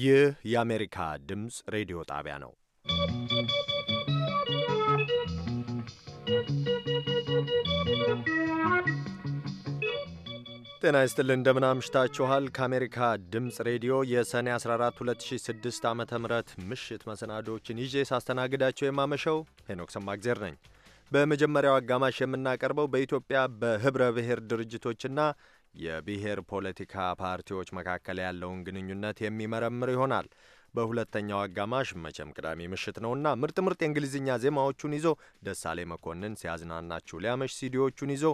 ይህ የአሜሪካ ድምፅ ሬዲዮ ጣቢያ ነው። ጤና ይስጥልን እንደምን አምሽታችኋል። ከአሜሪካ ድምፅ ሬዲዮ የሰኔ 14 2006 ዓ ም ምሽት መሰናዶዎችን ይዤ ሳስተናግዳቸው የማመሸው ሄኖክ ሰማግዜር ነኝ። በመጀመሪያው አጋማሽ የምናቀርበው በኢትዮጵያ በህብረ ብሔር ድርጅቶችና የብሔር ፖለቲካ ፓርቲዎች መካከል ያለውን ግንኙነት የሚመረምር ይሆናል። በሁለተኛው አጋማሽ መቼም ቅዳሜ ምሽት ነውና ምርጥ ምርጥ የእንግሊዝኛ ዜማዎቹን ይዞ ደሳሌ መኮንን ሲያዝናናችሁ ሊያመሽ ሲዲዎቹን ይዞ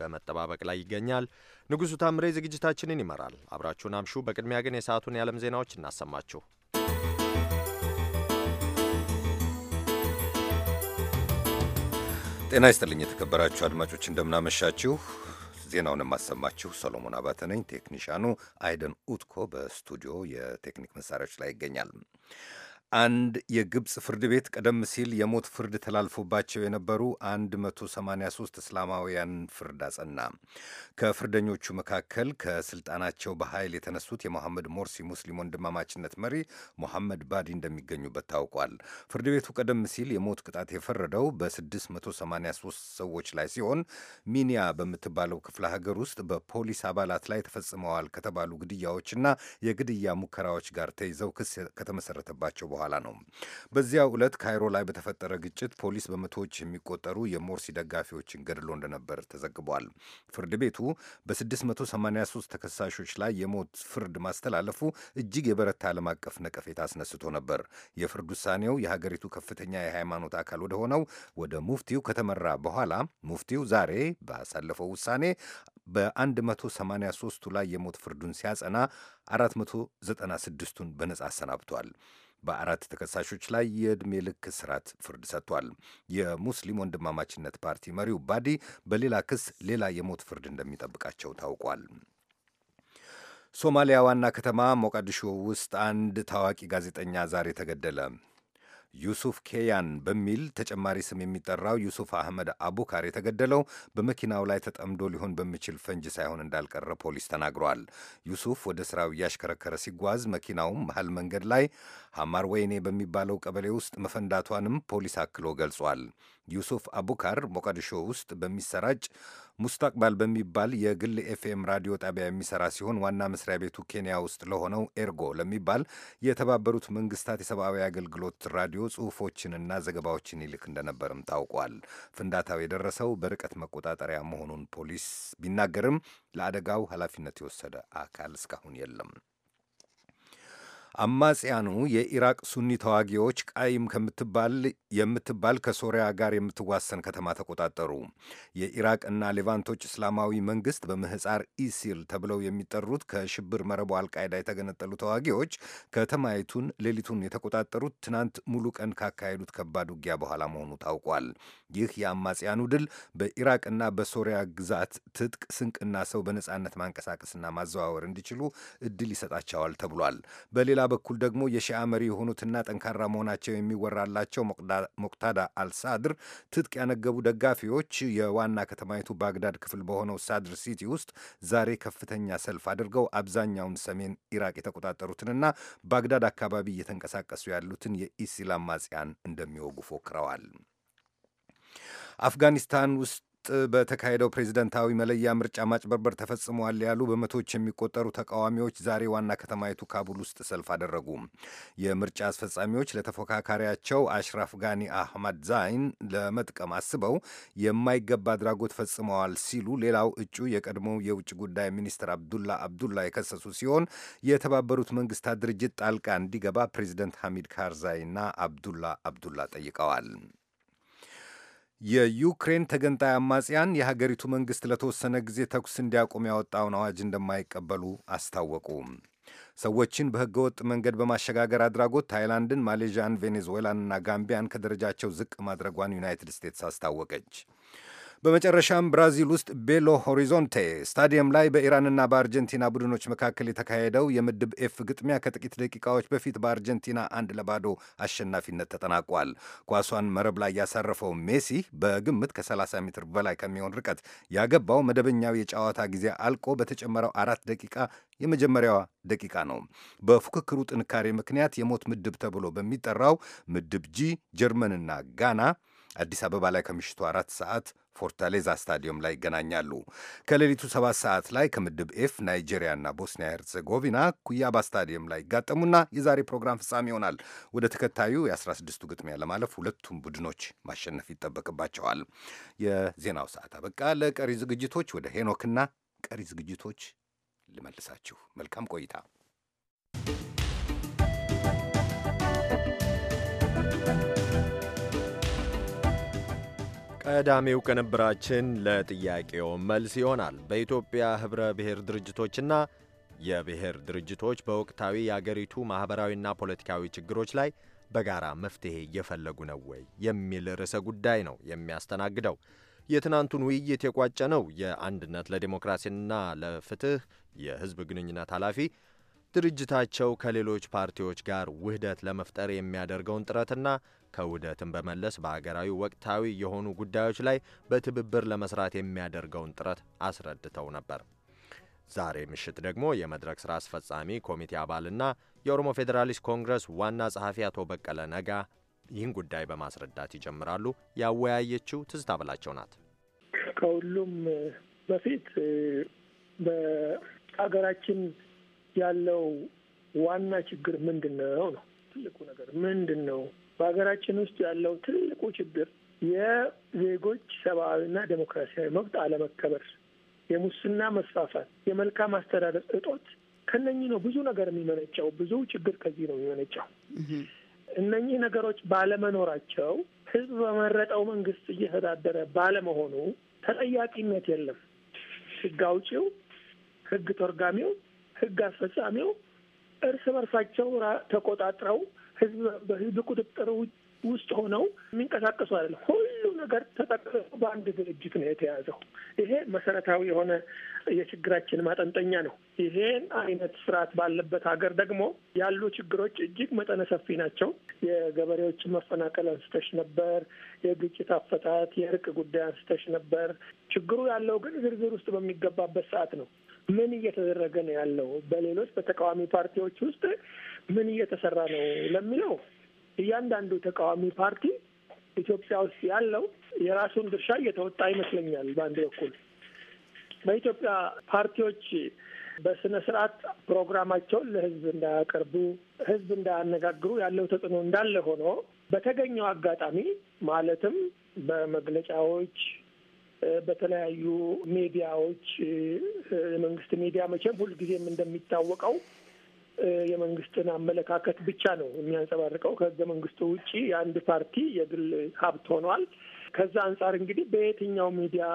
በመጠባበቅ ላይ ይገኛል። ንጉሡ ታምሬ ዝግጅታችንን ይመራል። አብራችሁን አምሹ። በቅድሚያ ግን የሰዓቱን የዓለም ዜናዎች እናሰማችሁ። ጤና ይስጥልኝ የተከበራችሁ አድማጮች እንደምናመሻችሁ። ዜናውን የማሰማችሁ ሰሎሞን አባተ ነኝ። ቴክኒሻኑ አይደን ኡትኮ በስቱዲዮ የቴክኒክ መሳሪያዎች ላይ ይገኛል። አንድ የግብፅ ፍርድ ቤት ቀደም ሲል የሞት ፍርድ ተላልፎባቸው የነበሩ 183 እስላማውያን ፍርድ አጸና። ከፍርደኞቹ መካከል ከስልጣናቸው በኃይል የተነሱት የመሐመድ ሞርሲ ሙስሊም ወንድማማችነት መሪ ሞሐመድ ባዲ እንደሚገኙበት ታውቋል። ፍርድ ቤቱ ቀደም ሲል የሞት ቅጣት የፈረደው በ683 ሰዎች ላይ ሲሆን ሚኒያ በምትባለው ክፍለ ሀገር ውስጥ በፖሊስ አባላት ላይ ተፈጽመዋል ከተባሉ ግድያዎችና የግድያ ሙከራዎች ጋር ተይዘው ክስ ከተመሰረተባቸው በኋላ በኋላ ነው። በዚያ ዕለት ካይሮ ላይ በተፈጠረ ግጭት ፖሊስ በመቶዎች የሚቆጠሩ የሞርሲ ደጋፊዎችን ገድሎ እንደነበር ተዘግቧል። ፍርድ ቤቱ በ683 ተከሳሾች ላይ የሞት ፍርድ ማስተላለፉ እጅግ የበረታ ዓለም አቀፍ ነቀፌታ አስነስቶ ነበር። የፍርድ ውሳኔው የሀገሪቱ ከፍተኛ የሃይማኖት አካል ወደ ሆነው ወደ ሙፍቲው ከተመራ በኋላ ሙፍቲው ዛሬ ባሳለፈው ውሳኔ በ183ቱ ላይ የሞት ፍርዱን ሲያጸና 496ቱን በነጻ አሰናብቷል። በአራት ተከሳሾች ላይ የዕድሜ ልክ እስራት ፍርድ ሰጥቷል። የሙስሊም ወንድማማችነት ፓርቲ መሪው ባዲ በሌላ ክስ ሌላ የሞት ፍርድ እንደሚጠብቃቸው ታውቋል። ሶማሊያ ዋና ከተማ ሞቃዲሾ ውስጥ አንድ ታዋቂ ጋዜጠኛ ዛሬ ተገደለ። ዩሱፍ ኬያን በሚል ተጨማሪ ስም የሚጠራው ዩሱፍ አህመድ አቡካር የተገደለው በመኪናው ላይ ተጠምዶ ሊሆን በሚችል ፈንጅ ሳይሆን እንዳልቀረ ፖሊስ ተናግሯል። ዩሱፍ ወደ ስራው እያሽከረከረ ሲጓዝ መኪናውም መሀል መንገድ ላይ ሐማር ወይኔ በሚባለው ቀበሌ ውስጥ መፈንዳቷንም ፖሊስ አክሎ ገልጿል። ዩሱፍ አቡካር ሞቃዲሾ ውስጥ በሚሰራጭ ሙስታቅባል በሚባል የግል ኤፍኤም ራዲዮ ጣቢያ የሚሰራ ሲሆን ዋና መስሪያ ቤቱ ኬንያ ውስጥ ለሆነው ኤርጎ ለሚባል የተባበሩት መንግስታት የሰብአዊ አገልግሎት ራዲዮ ጽሁፎችንና ዘገባዎችን ይልክ እንደነበርም ታውቋል። ፍንዳታው የደረሰው በርቀት መቆጣጠሪያ መሆኑን ፖሊስ ቢናገርም ለአደጋው ኃላፊነት የወሰደ አካል እስካሁን የለም። አማጽያኑ የኢራቅ ሱኒ ተዋጊዎች ቃይም ከምትባል የምትባል ከሶሪያ ጋር የምትዋሰን ከተማ ተቆጣጠሩ። የኢራቅ እና ሌቫንቶች እስላማዊ መንግስት በምህፃር ኢሲል ተብለው የሚጠሩት ከሽብር መረቡ አልቃይዳ የተገነጠሉ ተዋጊዎች ከተማይቱን ሌሊቱን የተቆጣጠሩት ትናንት ሙሉ ቀን ካካሄዱት ከባድ ውጊያ በኋላ መሆኑ ታውቋል። ይህ የአማጽያኑ ድል በኢራቅና በሶሪያ ግዛት ትጥቅ ስንቅና ሰው በነጻነት ማንቀሳቀስና ማዘዋወር እንዲችሉ እድል ይሰጣቸዋል ተብሏል። በሌላ በኩል ደግሞ የሺአ መሪ የሆኑትና ጠንካራ መሆናቸው የሚወራላቸው ሞቅታዳ አልሳድር ትጥቅ ያነገቡ ደጋፊዎች የዋና ከተማይቱ ባግዳድ ክፍል በሆነው ሳድር ሲቲ ውስጥ ዛሬ ከፍተኛ ሰልፍ አድርገው አብዛኛውን ሰሜን ኢራቅ የተቆጣጠሩትንና ባግዳድ አካባቢ እየተንቀሳቀሱ ያሉትን የኢስላም ማጽያን እንደሚወጉ ፎክረዋል። አፍጋኒስታን ውስጥ በተካሄደው ፕሬዚደንታዊ መለያ ምርጫ ማጭበርበር ተፈጽመዋል ያሉ በመቶዎች የሚቆጠሩ ተቃዋሚዎች ዛሬ ዋና ከተማይቱ ካቡል ውስጥ ሰልፍ አደረጉ። የምርጫ አስፈጻሚዎች ለተፎካካሪያቸው አሽራፍ ጋኒ አህመድ ዛይን ለመጥቀም አስበው የማይገባ አድራጎት ፈጽመዋል ሲሉ ሌላው እጩ የቀድሞው የውጭ ጉዳይ ሚኒስትር አብዱላ አብዱላ የከሰሱ ሲሆን የተባበሩት መንግስታት ድርጅት ጣልቃ እንዲገባ ፕሬዚደንት ሐሚድ ካርዛይና አብዱላ አብዱላ ጠይቀዋል። የዩክሬን ተገንጣይ አማጽያን የሀገሪቱ መንግሥት ለተወሰነ ጊዜ ተኩስ እንዲያቆም ያወጣውን አዋጅ እንደማይቀበሉ አስታወቁ። ሰዎችን በህገወጥ መንገድ በማሸጋገር አድራጎት ታይላንድን፣ ማሌዥያን፣ ቬኔዙዌላንና ጋምቢያን ከደረጃቸው ዝቅ ማድረጓን ዩናይትድ ስቴትስ አስታወቀች። በመጨረሻም ብራዚል ውስጥ ቤሎ ሆሪዞንቴ ስታዲየም ላይ በኢራንና በአርጀንቲና ቡድኖች መካከል የተካሄደው የምድብ ኤፍ ግጥሚያ ከጥቂት ደቂቃዎች በፊት በአርጀንቲና አንድ ለባዶ አሸናፊነት ተጠናቋል። ኳሷን መረብ ላይ ያሳረፈው ሜሲ በግምት ከ30 ሜትር በላይ ከሚሆን ርቀት ያገባው መደበኛው የጨዋታ ጊዜ አልቆ በተጨመረው አራት ደቂቃ የመጀመሪያዋ ደቂቃ ነው። በፉክክሩ ጥንካሬ ምክንያት የሞት ምድብ ተብሎ በሚጠራው ምድብ ጂ ጀርመንና ጋና አዲስ አበባ ላይ ከምሽቱ አራት ሰዓት ፎርታሌዛ ስታዲየም ላይ ይገናኛሉ። ከሌሊቱ ሰባት ሰዓት ላይ ከምድብ ኤፍ ናይጄሪያና ቦስኒያ ሄርዘጎቪና ኩያባ ስታዲየም ላይ ይጋጠሙና የዛሬ ፕሮግራም ፍጻሜ ይሆናል። ወደ ተከታዩ የ16ቱ ግጥሚያ ለማለፍ ሁለቱም ቡድኖች ማሸነፍ ይጠበቅባቸዋል። የዜናው ሰዓት አበቃ። ለቀሪ ዝግጅቶች ወደ ሄኖክና ቀሪ ዝግጅቶች ልመልሳችሁ። መልካም ቆይታ። ቀዳሚው ቅንብራችን ለጥያቄው መልስ ይሆናል። በኢትዮጵያ ኅብረ ብሔር ድርጅቶችና የብሔር ድርጅቶች በወቅታዊ የአገሪቱ ማኅበራዊና ፖለቲካዊ ችግሮች ላይ በጋራ መፍትሔ እየፈለጉ ነው ወይ የሚል ርዕሰ ጉዳይ ነው የሚያስተናግደው። የትናንቱን ውይይት የቋጨ ነው የአንድነት ለዴሞክራሲና ለፍትህ የሕዝብ ግንኙነት ኃላፊ ድርጅታቸው ከሌሎች ፓርቲዎች ጋር ውህደት ለመፍጠር የሚያደርገውን ጥረትና ከውህደትን በመለስ በሀገራዊ ወቅታዊ የሆኑ ጉዳዮች ላይ በትብብር ለመስራት የሚያደርገውን ጥረት አስረድተው ነበር። ዛሬ ምሽት ደግሞ የመድረክ ሥራ አስፈጻሚ ኮሚቴ አባልና የኦሮሞ ፌዴራሊስት ኮንግረስ ዋና ጸሐፊ አቶ በቀለ ነጋ ይህን ጉዳይ በማስረዳት ይጀምራሉ። ያወያየችው ትዝታ በላቸው ናት። ከሁሉም በፊት በሀገራችን ያለው ዋና ችግር ምንድን ነው ነው ትልቁ ነገር ምንድን ነው? በሀገራችን ውስጥ ያለው ትልቁ ችግር የዜጎች ሰብአዊና ዴሞክራሲያዊ መብት አለመከበር፣ የሙስና መስፋፋት፣ የመልካም አስተዳደር እጦት ከነኚህ ነው ብዙ ነገር የሚመነጨው። ብዙ ችግር ከዚህ ነው የሚመነጨው። እነኚህ ነገሮች ባለመኖራቸው ህዝብ በመረጠው መንግስት እየተዳደረ ባለመሆኑ ተጠያቂነት የለም። ህግ አውጪው፣ ህግ ተርጓሚው ህግ አስፈጻሚው እርስ በርሳቸው ተቆጣጥረው ህዝብ በህዝብ ቁጥጥር ውጭ ውስጥ ሆነው የሚንቀሳቀሱ አይደለም። ሁሉ ነገር ተጠቅልሎ በአንድ ድርጅት ነው የተያዘው። ይሄ መሰረታዊ የሆነ የችግራችን ማጠንጠኛ ነው። ይሄን አይነት ስርዓት ባለበት ሀገር ደግሞ ያሉ ችግሮች እጅግ መጠነ ሰፊ ናቸው። የገበሬዎች መፈናቀል አንስተሽ ነበር። የግጭት አፈታት፣ የእርቅ ጉዳይ አንስተሽ ነበር። ችግሩ ያለው ግን ዝርዝር ውስጥ በሚገባበት ሰዓት ነው። ምን እየተደረገ ነው ያለው? በሌሎች በተቃዋሚ ፓርቲዎች ውስጥ ምን እየተሰራ ነው ለሚለው እያንዳንዱ ተቃዋሚ ፓርቲ ኢትዮጵያ ውስጥ ያለው የራሱን ድርሻ እየተወጣ ይመስለኛል። በአንድ በኩል በኢትዮጵያ ፓርቲዎች በስነ ስርዓት ፕሮግራማቸውን ለህዝብ እንዳያቀርቡ፣ ህዝብ እንዳያነጋግሩ ያለው ተጽዕኖ እንዳለ ሆኖ በተገኘው አጋጣሚ ማለትም በመግለጫዎች በተለያዩ ሚዲያዎች የመንግስት ሚዲያ መቼም ሁልጊዜም እንደሚታወቀው የመንግስትን አመለካከት ብቻ ነው የሚያንጸባርቀው። ከህገ መንግስቱ ውጪ የአንድ ፓርቲ የግል ሀብት ሆኗል። ከዛ አንጻር እንግዲህ በየትኛው ሚዲያ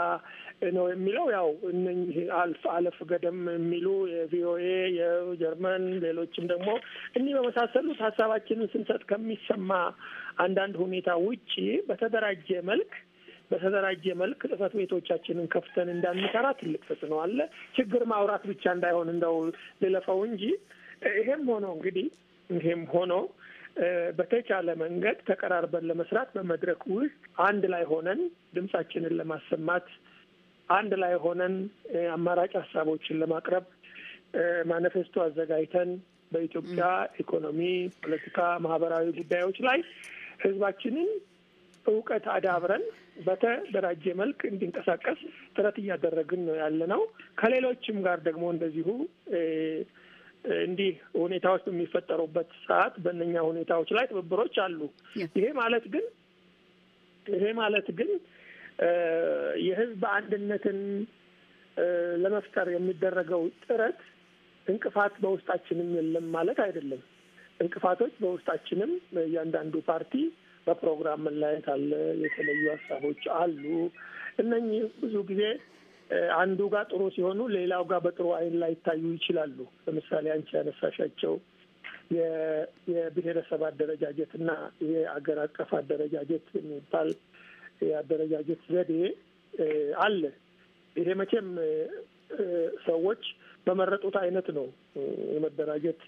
ነው የሚለው ያው እነህ አልፍ አለፍ ገደም የሚሉ የቪኦኤ፣ የጀርመን ሌሎችም ደግሞ እኒህ በመሳሰሉት ሀሳባችንን ስንሰጥ ከሚሰማ አንዳንድ ሁኔታ ውጪ በተደራጀ መልክ በተደራጀ መልክ ጽህፈት ቤቶቻችንን ከፍተን እንዳንሰራ ትልቅ ተጽዕኖ አለ። ችግር ማውራት ብቻ እንዳይሆን እንደው ልለፈው እንጂ ይሄም ሆኖ እንግዲህ ይሄም ሆኖ በተቻለ መንገድ ተቀራርበን ለመስራት በመድረክ ውስጥ አንድ ላይ ሆነን ድምጻችንን ለማሰማት አንድ ላይ ሆነን አማራጭ ሀሳቦችን ለማቅረብ ማኒፌስቶ አዘጋጅተን በኢትዮጵያ ኢኮኖሚ፣ ፖለቲካ፣ ማህበራዊ ጉዳዮች ላይ ህዝባችንን እውቀት አዳብረን በተደራጀ መልክ እንዲንቀሳቀስ ጥረት እያደረግን ነው ያለ ነው። ከሌሎችም ጋር ደግሞ እንደዚሁ እንዲህ ሁኔታዎች በሚፈጠሩበት ሰዓት በእነኛ ሁኔታዎች ላይ ትብብሮች አሉ። ይሄ ማለት ግን ይሄ ማለት ግን የህዝብ አንድነትን ለመፍጠር የሚደረገው ጥረት እንቅፋት በውስጣችንም የለም ማለት አይደለም። እንቅፋቶች በውስጣችንም እያንዳንዱ ፓርቲ በፕሮግራም መለያየት አለ፣ የተለዩ ሀሳቦች አሉ። እነኚህ ብዙ ጊዜ አንዱ ጋር ጥሩ ሲሆኑ ሌላው ጋር በጥሩ አይን ላይ ይታዩ ይችላሉ። ለምሳሌ አንቺ ያነሳሻቸው የብሔረሰብ አደረጃጀት እና የአገር አቀፍ አደረጃጀት የሚባል የአደረጃጀት ዘዴ አለ። ይሄ መቼም ሰዎች በመረጡት አይነት ነው የመደራጀት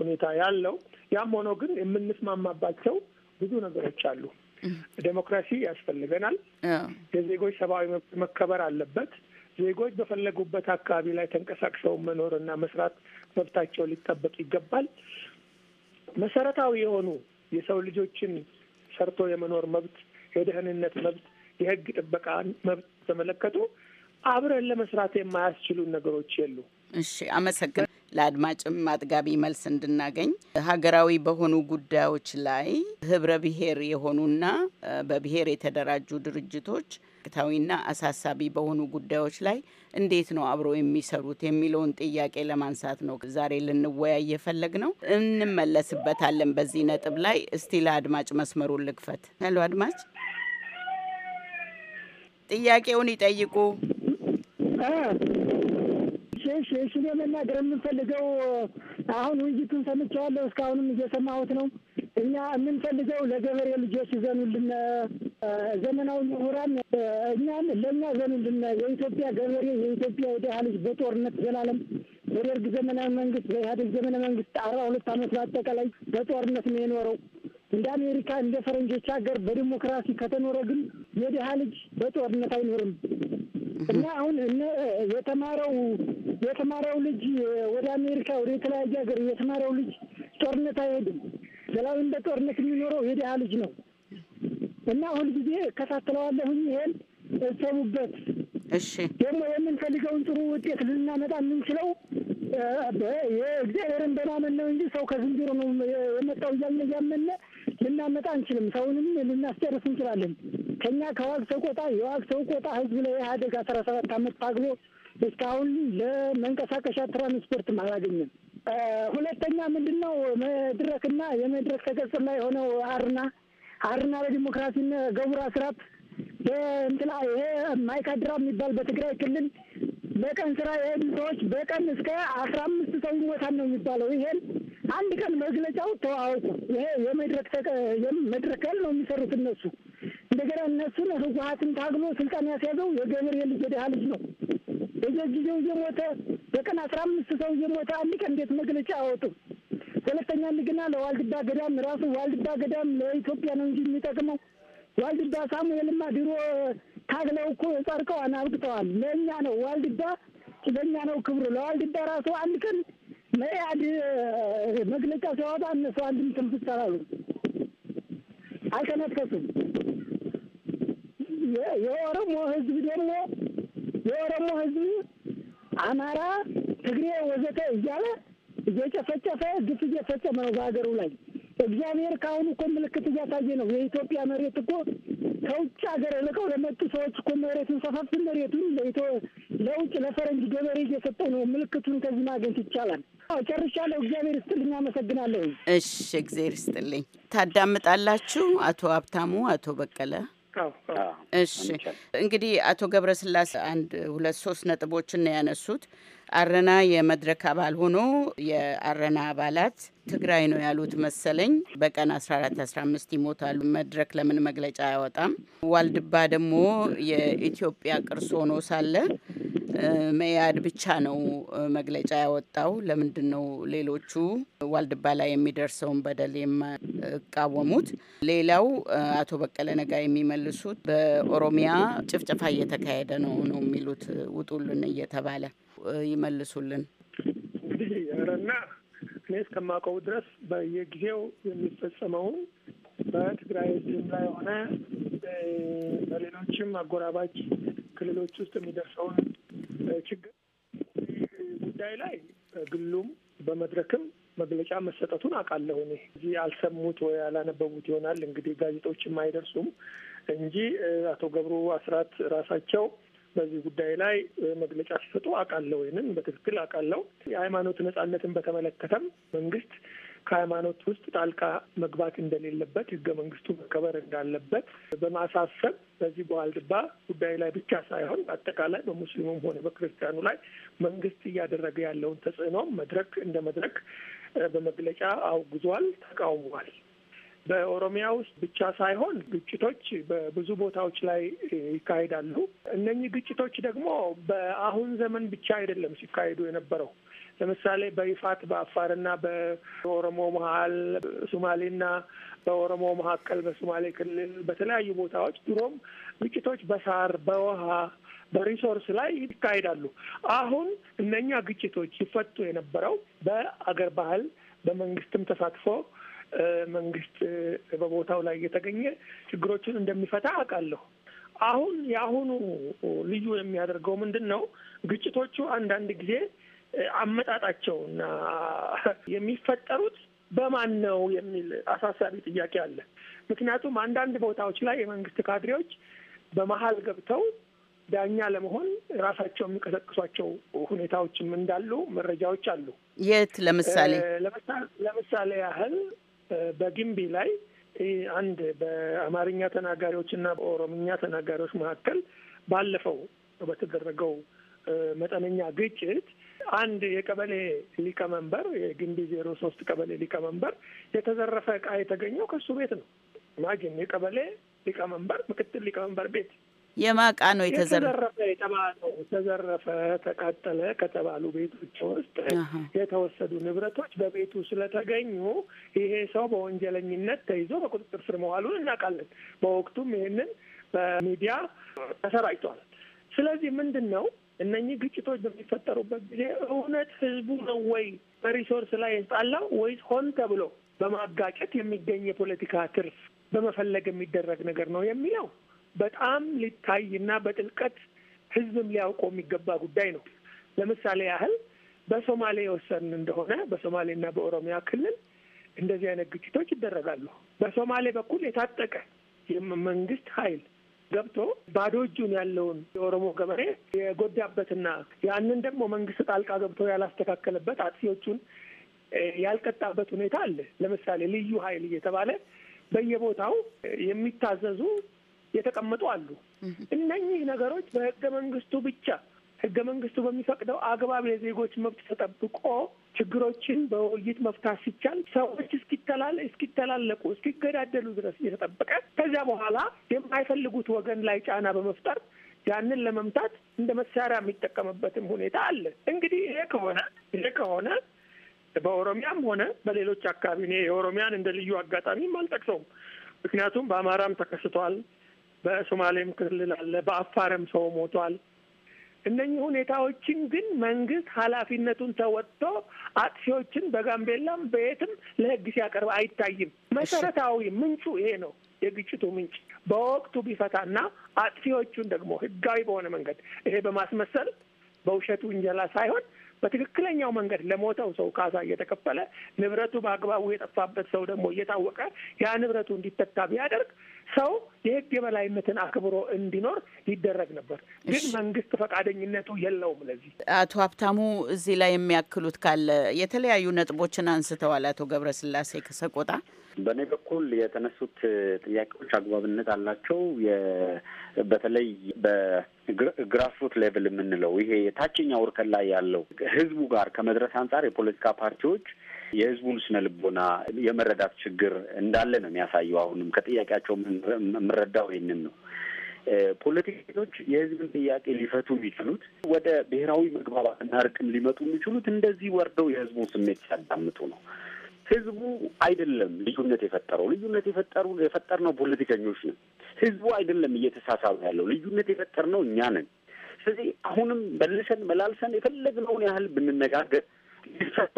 ሁኔታ ያለው። ያም ሆኖ ግን የምንስማማባቸው ብዙ ነገሮች አሉ። ዴሞክራሲ ያስፈልገናል። የዜጎች ሰብአዊ መብት መከበር አለበት። ዜጎች በፈለጉበት አካባቢ ላይ ተንቀሳቅሰው መኖርና መስራት መብታቸው ሊጠበቅ ይገባል። መሰረታዊ የሆኑ የሰው ልጆችን ሰርቶ የመኖር መብት፣ የደህንነት መብት፣ የህግ ጥበቃ መብት ተመለከቱ አብረን ለመስራት የማያስችሉን ነገሮች የሉ እሺ፣ አመሰግን ለአድማጭም አጥጋቢ መልስ እንድናገኝ ሀገራዊ በሆኑ ጉዳዮች ላይ ህብረ ብሔር የሆኑና በብሔር የተደራጁ ድርጅቶች ወቅታዊና አሳሳቢ በሆኑ ጉዳዮች ላይ እንዴት ነው አብሮ የሚሰሩት የሚለውን ጥያቄ ለማንሳት ነው ዛሬ ልንወያይ የፈለግ ነው። እንመለስበታለን በዚህ ነጥብ ላይ። እስቲ ለአድማጭ መስመሩን ልክፈት። ሄሎ አድማጭ ጥያቄውን ይጠይቁ። እሺ እሺ እኔ መናገር የምንፈልገው አሁን ውይይቱን ሰምቼዋለሁ፣ እስካሁንም እየሰማሁት ነው። እኛ የምንፈልገው ለገበሬ ልጆች ዘኑልን፣ ዘመናዊ ምሁራን እኛን ለእኛ ዘኑልን። የኢትዮጵያ ገበሬ የኢትዮጵያ የድሃ ልጅ በጦርነት ዘላለም በደርግ ዘመናዊ መንግስት፣ በኢህአዴግ ዘመነ መንግስት አርባ ሁለት ዓመት በአጠቃላይ በጦርነት ነው የኖረው። እንደ አሜሪካ እንደ ፈረንጆች ሀገር በዲሞክራሲ ከተኖረ ግን የድሀ ልጅ በጦርነት አይኖርም እና አሁን እነ የተማረው የተማረው ልጅ ወደ አሜሪካ ወደ የተለያየ ሀገር የተማረው ልጅ ጦርነት አይሄድም። ዘላለም በጦርነት የሚኖረው የድሀ ልጅ ነው እና ሁልጊዜ እከታተለዋለሁኝ። ይሄን እሰቡበት። እሺ ደግሞ የምንፈልገውን ጥሩ ውጤት ልናመጣ የምንችለው የእግዚአብሔርን በማመን ነው እንጂ ሰው ከዝንጀሮ ነው የመጣው እያለ እያመነ ልናመጣ አንችልም። ሰውንም ልናስጨርስ እንችላለን። ከኛ ከዋግ ሰቆጣ የዋግ ሰቆጣ ህዝብ ላይ ኢህአዴግ አስራ ሰባት አመት ታግሎ እስካሁን ለመንቀሳቀሻ ትራንስፖርትም አላገኘም። ሁለተኛ ምንድን ነው መድረክና የመድረክ ተገጽ ላይ የሆነው አርና አርና ለዲሞክራሲና ገቡር አስራት እንትና ይሄ ማይካድራ የሚባል በትግራይ ክልል በቀን ስራ የሄዱ ሰዎች በቀን እስከ አስራ አምስት ሰው ይሞታል ነው የሚባለው። ይሄን አንድ ቀን መግለጫው ተዋወቁ። ይሄ የመድረክ መድረክ ያህል ነው የሚሰሩት እነሱ። እንደገና እነሱን ህወሀትን ታግሎ ስልጣን ያስያዘው የገበሬ ልጅ የድሃ ልጅ ነው። በየጊዜው እየሞተ በቀን አስራ አምስት ሰው እየሞተ አንድ ቀን እንዴት መግለጫ አወጡ? ሁለተኛ እንደገና ለዋልድባ ገዳም ራሱ ዋልድባ ገዳም ለኢትዮጵያ ነው እንጂ የሚጠቅመው ዋልድባ ሳሙኤልማ ድሮ ታግለው እኮ ጸድቀዋን አብቅተዋል። ለእኛ ነው ዋልድባ፣ ለእኛ ነው ክብሩ። ለዋልድባ ራሱ አንድ ቀን መያድ መግለጫ ሲያወጣ እነሱ አንድም ትንፍሽ አላሉ፣ አልተነፈሱም። የኦሮሞ ህዝብ ደግሞ የኦሮሞ ህዝብ አማራ፣ ትግሬ፣ ወዘተ እያለ እየጨፈጨፈ ግፍ እየፈጸመ ነው በሀገሩ ላይ። እግዚአብሔር ከአሁኑ እኮ ምልክት እያሳየ ነው። የኢትዮጵያ መሬት እኮ ከውጭ ሀገር ልቀው ለመጡ ሰዎች እኮ መሬቱን ሰፋፊ መሬቱን ለውጭ ለፈረንጅ ገበሬ እየሰጠ ነው። ምልክቱን ከዚህ ማግኘት ይቻላል። ጨርሻለሁ። እግዚአብሔር ይስጥልኝ። አመሰግናለሁ። እሺ፣ እግዚአብሔር ይስጥልኝ። ታዳምጣላችሁ አቶ ሀብታሙ፣ አቶ በቀለ እሺ እንግዲህ አቶ ገብረስላሴ አንድ ሁለት ሶስት ነጥቦችን ነው ያነሱት። አረና የመድረክ አባል ሆኖ የአረና አባላት ትግራይ ነው ያሉት መሰለኝ። በቀን 14 15 ይሞታሉ። መድረክ ለምን መግለጫ አያወጣም? ዋልድባ ደግሞ የኢትዮጵያ ቅርስ ሆኖ ሳለ መያድ ብቻ ነው መግለጫ ያወጣው። ለምንድን ነው ሌሎቹ ዋልድባ ላይ የሚደርሰውን በደል የማይቃወሙት? ሌላው አቶ በቀለ ነጋ የሚመልሱት በኦሮሚያ ጭፍጨፋ እየተካሄደ ነው ነው የሚሉት ውጡልን እየተባለ ይመልሱልን። እንግዲህ እኔ እስከማውቀው ድረስ በየጊዜው የሚፈጸመውን በትግራይ ህዝብ ላይ የሆነ በሌሎችም አጎራባች ክልሎች ውስጥ የሚደርሰውን ችግር ጉዳይ ላይ ግሉም በመድረክም መግለጫ መሰጠቱን አውቃለሁ። እኔ እዚህ አልሰሙት ወይ አላነበቡት ይሆናል እንግዲህ ጋዜጦችም አይደርሱም እንጂ አቶ ገብሩ አስራት ራሳቸው በዚህ ጉዳይ ላይ መግለጫ ሲሰጡ አውቃለሁ፣ ወይንም በትክክል አውቃለሁ። የሃይማኖት ነጻነትን በተመለከተም መንግስት ከሃይማኖት ውስጥ ጣልቃ መግባት እንደሌለበት ህገ መንግስቱ መከበር እንዳለበት በማሳሰብ በዚህ በዋልድባ ጉዳይ ላይ ብቻ ሳይሆን በአጠቃላይ በሙስሊሙም ሆነ በክርስቲያኑ ላይ መንግስት እያደረገ ያለውን ተጽዕኖ መድረክ እንደ መድረክ በመግለጫ አውግዟል፣ ተቃውሟል። በኦሮሚያ ውስጥ ብቻ ሳይሆን ግጭቶች በብዙ ቦታዎች ላይ ይካሄዳሉ። እነኚህ ግጭቶች ደግሞ በአሁን ዘመን ብቻ አይደለም ሲካሄዱ የነበረው። ለምሳሌ በይፋት በአፋርና በኦሮሞ መሀል፣ ሱማሌና በኦሮሞ መካከል፣ በሱማሌ ክልል በተለያዩ ቦታዎች ድሮም ግጭቶች በሳር በውሃ በሪሶርስ ላይ ይካሄዳሉ። አሁን እነኛ ግጭቶች ሲፈቱ የነበረው በአገር ባህል በመንግስትም ተሳትፎ መንግስት በቦታው ላይ እየተገኘ ችግሮችን እንደሚፈታ አውቃለሁ። አሁን የአሁኑ ልዩ የሚያደርገው ምንድን ነው? ግጭቶቹ አንዳንድ ጊዜ አመጣጣቸው እና የሚፈጠሩት በማን ነው የሚል አሳሳቢ ጥያቄ አለ። ምክንያቱም አንዳንድ ቦታዎች ላይ የመንግስት ካድሬዎች በመሀል ገብተው ዳኛ ለመሆን ራሳቸው የሚቀሰቅሷቸው ሁኔታዎችም እንዳሉ መረጃዎች አሉ። የት ለምሳሌ ለምሳሌ ያህል በግንቢ ላይ አንድ በአማርኛ ተናጋሪዎች እና በኦሮምኛ ተናጋሪዎች መካከል ባለፈው በተደረገው መጠነኛ ግጭት አንድ የቀበሌ ሊቀመንበር የግንቢ ዜሮ ሶስት ቀበሌ ሊቀመንበር የተዘረፈ ዕቃ የተገኘው ከሱ ቤት ነው። ማጅን የቀበሌ ሊቀመንበር ምክትል ሊቀመንበር ቤት የማቃ ነው የተዘረፈ ተዘረፈ፣ ተቃጠለ ከተባሉ ቤቶች ውስጥ የተወሰዱ ንብረቶች በቤቱ ስለተገኙ ይሄ ሰው በወንጀለኝነት ተይዞ በቁጥጥር ስር መዋሉን እናውቃለን። በወቅቱም ይህንን በሚዲያ ተሰራጭቷል። ስለዚህ ምንድን ነው እነኚህ ግጭቶች በሚፈጠሩበት ጊዜ እውነት ህዝቡ ነው ወይ በሪሶርስ ላይ የተጣላው ወይስ ሆን ተብሎ በማጋጨት የሚገኝ የፖለቲካ ትርፍ በመፈለግ የሚደረግ ነገር ነው የሚለው በጣም ሊታይ በጥልቀት ህዝብም ሊያውቀው የሚገባ ጉዳይ ነው። ለምሳሌ ያህል በሶማሌ የወሰን እንደሆነ በሶማሌና በኦሮሚያ ክልል እንደዚህ አይነት ግጭቶች ይደረጋሉ። በሶማሌ በኩል የታጠቀ የመንግስት ኃይል ገብቶ ባዶ እጁን ያለውን የኦሮሞ ገበሬ የጎዳበትና ያንን ደግሞ መንግስት ጣልቃ ገብቶ ያላስተካከለበት አጥፊዎቹን ያልቀጣበት ሁኔታ አለ። ለምሳሌ ልዩ ኃይል እየተባለ በየቦታው የሚታዘዙ የተቀመጡ አሉ። እነኚህ ነገሮች በህገ መንግስቱ ብቻ ህገ መንግስቱ በሚፈቅደው አግባብ የዜጎች መብት ተጠብቆ ችግሮችን በውይይት መፍታት ሲቻል ሰዎች እስኪተላል እስኪተላለቁ እስኪገዳደሉ ድረስ እየተጠበቀ ከዚያ በኋላ የማይፈልጉት ወገን ላይ ጫና በመፍጠር ያንን ለመምታት እንደ መሳሪያ የሚጠቀምበትም ሁኔታ አለ። እንግዲህ ይሄ ከሆነ ይሄ ከሆነ በኦሮሚያም ሆነ በሌሎች አካባቢ እኔ የኦሮሚያን እንደ ልዩ አጋጣሚም አልጠቅሰውም። ምክንያቱም በአማራም ተከስቷል፣ በሶማሌም ክልል አለ፣ በአፋርም ሰው ሞቷል። እነኚህ ሁኔታዎችን ግን መንግስት ኃላፊነቱን ተወጥቶ አጥፊዎችን በጋምቤላም በየትም ለህግ ሲያቀርብ አይታይም። መሰረታዊ ምንጩ ይሄ ነው። የግጭቱ ምንጭ በወቅቱ ቢፈታና አጥፊዎቹን ደግሞ ህጋዊ በሆነ መንገድ ይሄ በማስመሰል በውሸት ውንጀላ ሳይሆን በትክክለኛው መንገድ ለሞተው ሰው ካሳ እየተከፈለ ንብረቱ በአግባቡ የጠፋበት ሰው ደግሞ እየታወቀ ያ ንብረቱ እንዲተካ ቢያደርግ ሰው የህግ የበላይነትን አክብሮ እንዲኖር ይደረግ ነበር። ግን መንግስት ፈቃደኝነቱ የለውም። ለዚህ አቶ ሀብታሙ እዚህ ላይ የሚያክሉት ካለ የተለያዩ ነጥቦችን አንስተዋል። አቶ ገብረስላሴ ከሰቆጣ በእኔ በኩል የተነሱት ጥያቄዎች አግባብነት አላቸው። በተለይ በግራስሩት ሌቭል የምንለው ይሄ የታችኛው እርከን ላይ ያለው ህዝቡ ጋር ከመድረስ አንጻር የፖለቲካ ፓርቲዎች የህዝቡን ስነ ልቦና የመረዳት ችግር እንዳለ ነው የሚያሳየው። አሁንም ከጥያቄያቸው የምንረዳው ይህንን ነው። ፖለቲከኞች የህዝብን ጥያቄ ሊፈቱ የሚችሉት ወደ ብሔራዊ መግባባትና እርቅም ሊመጡ የሚችሉት እንደዚህ ወርደው የህዝቡን ስሜት ሲያዳምጡ ነው። ህዝቡ አይደለም ልዩነት የፈጠረው። ልዩነት የፈጠሩ የፈጠርነው ፖለቲከኞች ነን። ህዝቡ አይደለም እየተሳሳበ ያለው። ልዩነት የፈጠርነው እኛ ነን። ስለዚህ አሁንም መልሰን መላልሰን የፈለግነውን ያህል ብንነጋገር ሊፈታ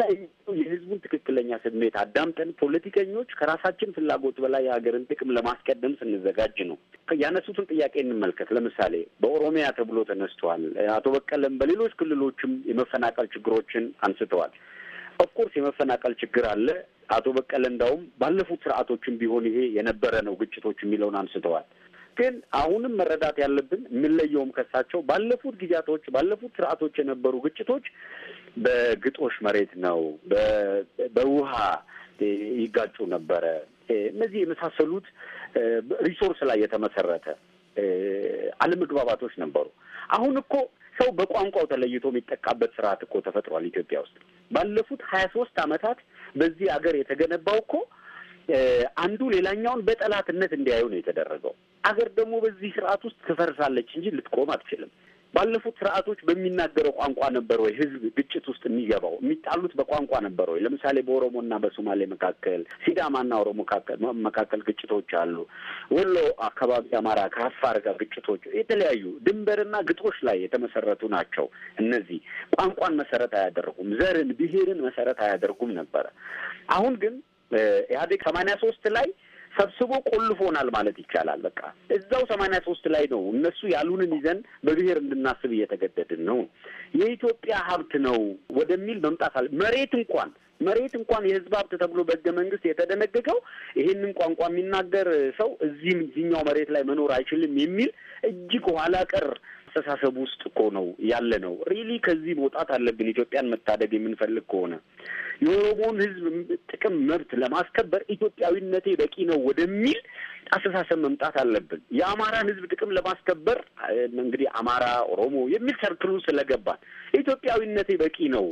የህዝቡን ትክክለኛ ስሜት አዳምጠን ፖለቲከኞች ከራሳችን ፍላጎት በላይ የሀገርን ጥቅም ለማስቀደም ስንዘጋጅ ነው። ያነሱትን ጥያቄ እንመልከት። ለምሳሌ በኦሮሚያ ተብሎ ተነስተዋል። አቶ በቀለም በሌሎች ክልሎችም የመፈናቀል ችግሮችን አንስተዋል። ኦፍኮርስ የመፈናቀል ችግር አለ። አቶ በቀለ እንዳውም ባለፉት ስርዓቶችም ቢሆን ይሄ የነበረ ነው ግጭቶች የሚለውን አንስተዋል። ግን አሁንም መረዳት ያለብን የምንለየውም ከሳቸው ባለፉት ጊዜያቶች ባለፉት ስርዓቶች የነበሩ ግጭቶች በግጦሽ መሬት ነው፣ በውሃ ይጋጩ ነበረ። እነዚህ የመሳሰሉት ሪሶርስ ላይ የተመሰረተ አለመግባባቶች ነበሩ። አሁን እኮ ሰው በቋንቋው ተለይቶ የሚጠቃበት ስርዓት እኮ ተፈጥሯል ኢትዮጵያ ውስጥ። ባለፉት ሀያ ሶስት አመታት በዚህ አገር የተገነባው እኮ አንዱ ሌላኛውን በጠላትነት እንዲያዩ ነው የተደረገው። አገር ደግሞ በዚህ ስርዓት ውስጥ ትፈርሳለች እንጂ ልትቆም አትችልም። ባለፉት ስርዓቶች በሚናገረው ቋንቋ ነበር ወይ ህዝብ ግጭት ውስጥ የሚገባው? የሚጣሉት በቋንቋ ነበር ወይ? ለምሳሌ በኦሮሞና በሶማሌ መካከል፣ ሲዳማና ኦሮሞ መካከል ግጭቶች አሉ። ወሎ አካባቢ አማራ ከአፋር ጋር ግጭቶች፣ የተለያዩ ድንበርና ግጦሽ ላይ የተመሰረቱ ናቸው። እነዚህ ቋንቋን መሰረት አያደርጉም፣ ዘርን ብሔርን መሰረት አያደርጉም ነበረ። አሁን ግን ኢህአዴግ ሰማንያ ሶስት ላይ ሰብስቦ ቆልፎናል ማለት ይቻላል። በቃ እዛው ሰማንያ ሶስት ላይ ነው እነሱ ያሉንን ይዘን በብሔር እንድናስብ እየተገደድን ነው። የኢትዮጵያ ሀብት ነው ወደሚል መምጣት አለ። መሬት እንኳን መሬት እንኳን የህዝብ ሀብት ተብሎ በህገ መንግስት የተደነገገው ይህንን ቋንቋ የሚናገር ሰው እዚህም እዚህኛው መሬት ላይ መኖር አይችልም የሚል እጅግ ኋላ ቀር አስተሳሰብ ውስጥ እኮ ነው ያለ ነው። ሪሊ ከዚህ መውጣት አለብን ኢትዮጵያን መታደግ የምንፈልግ ከሆነ የኦሮሞን ሕዝብ ጥቅም መብት ለማስከበር ኢትዮጵያዊነቴ በቂ ነው ወደሚል አስተሳሰብ መምጣት አለብን። የአማራን ሕዝብ ጥቅም ለማስከበር እንግዲህ አማራ፣ ኦሮሞ የሚል ሰርክሉ ስለገባ ኢትዮጵያዊነቴ በቂ ነው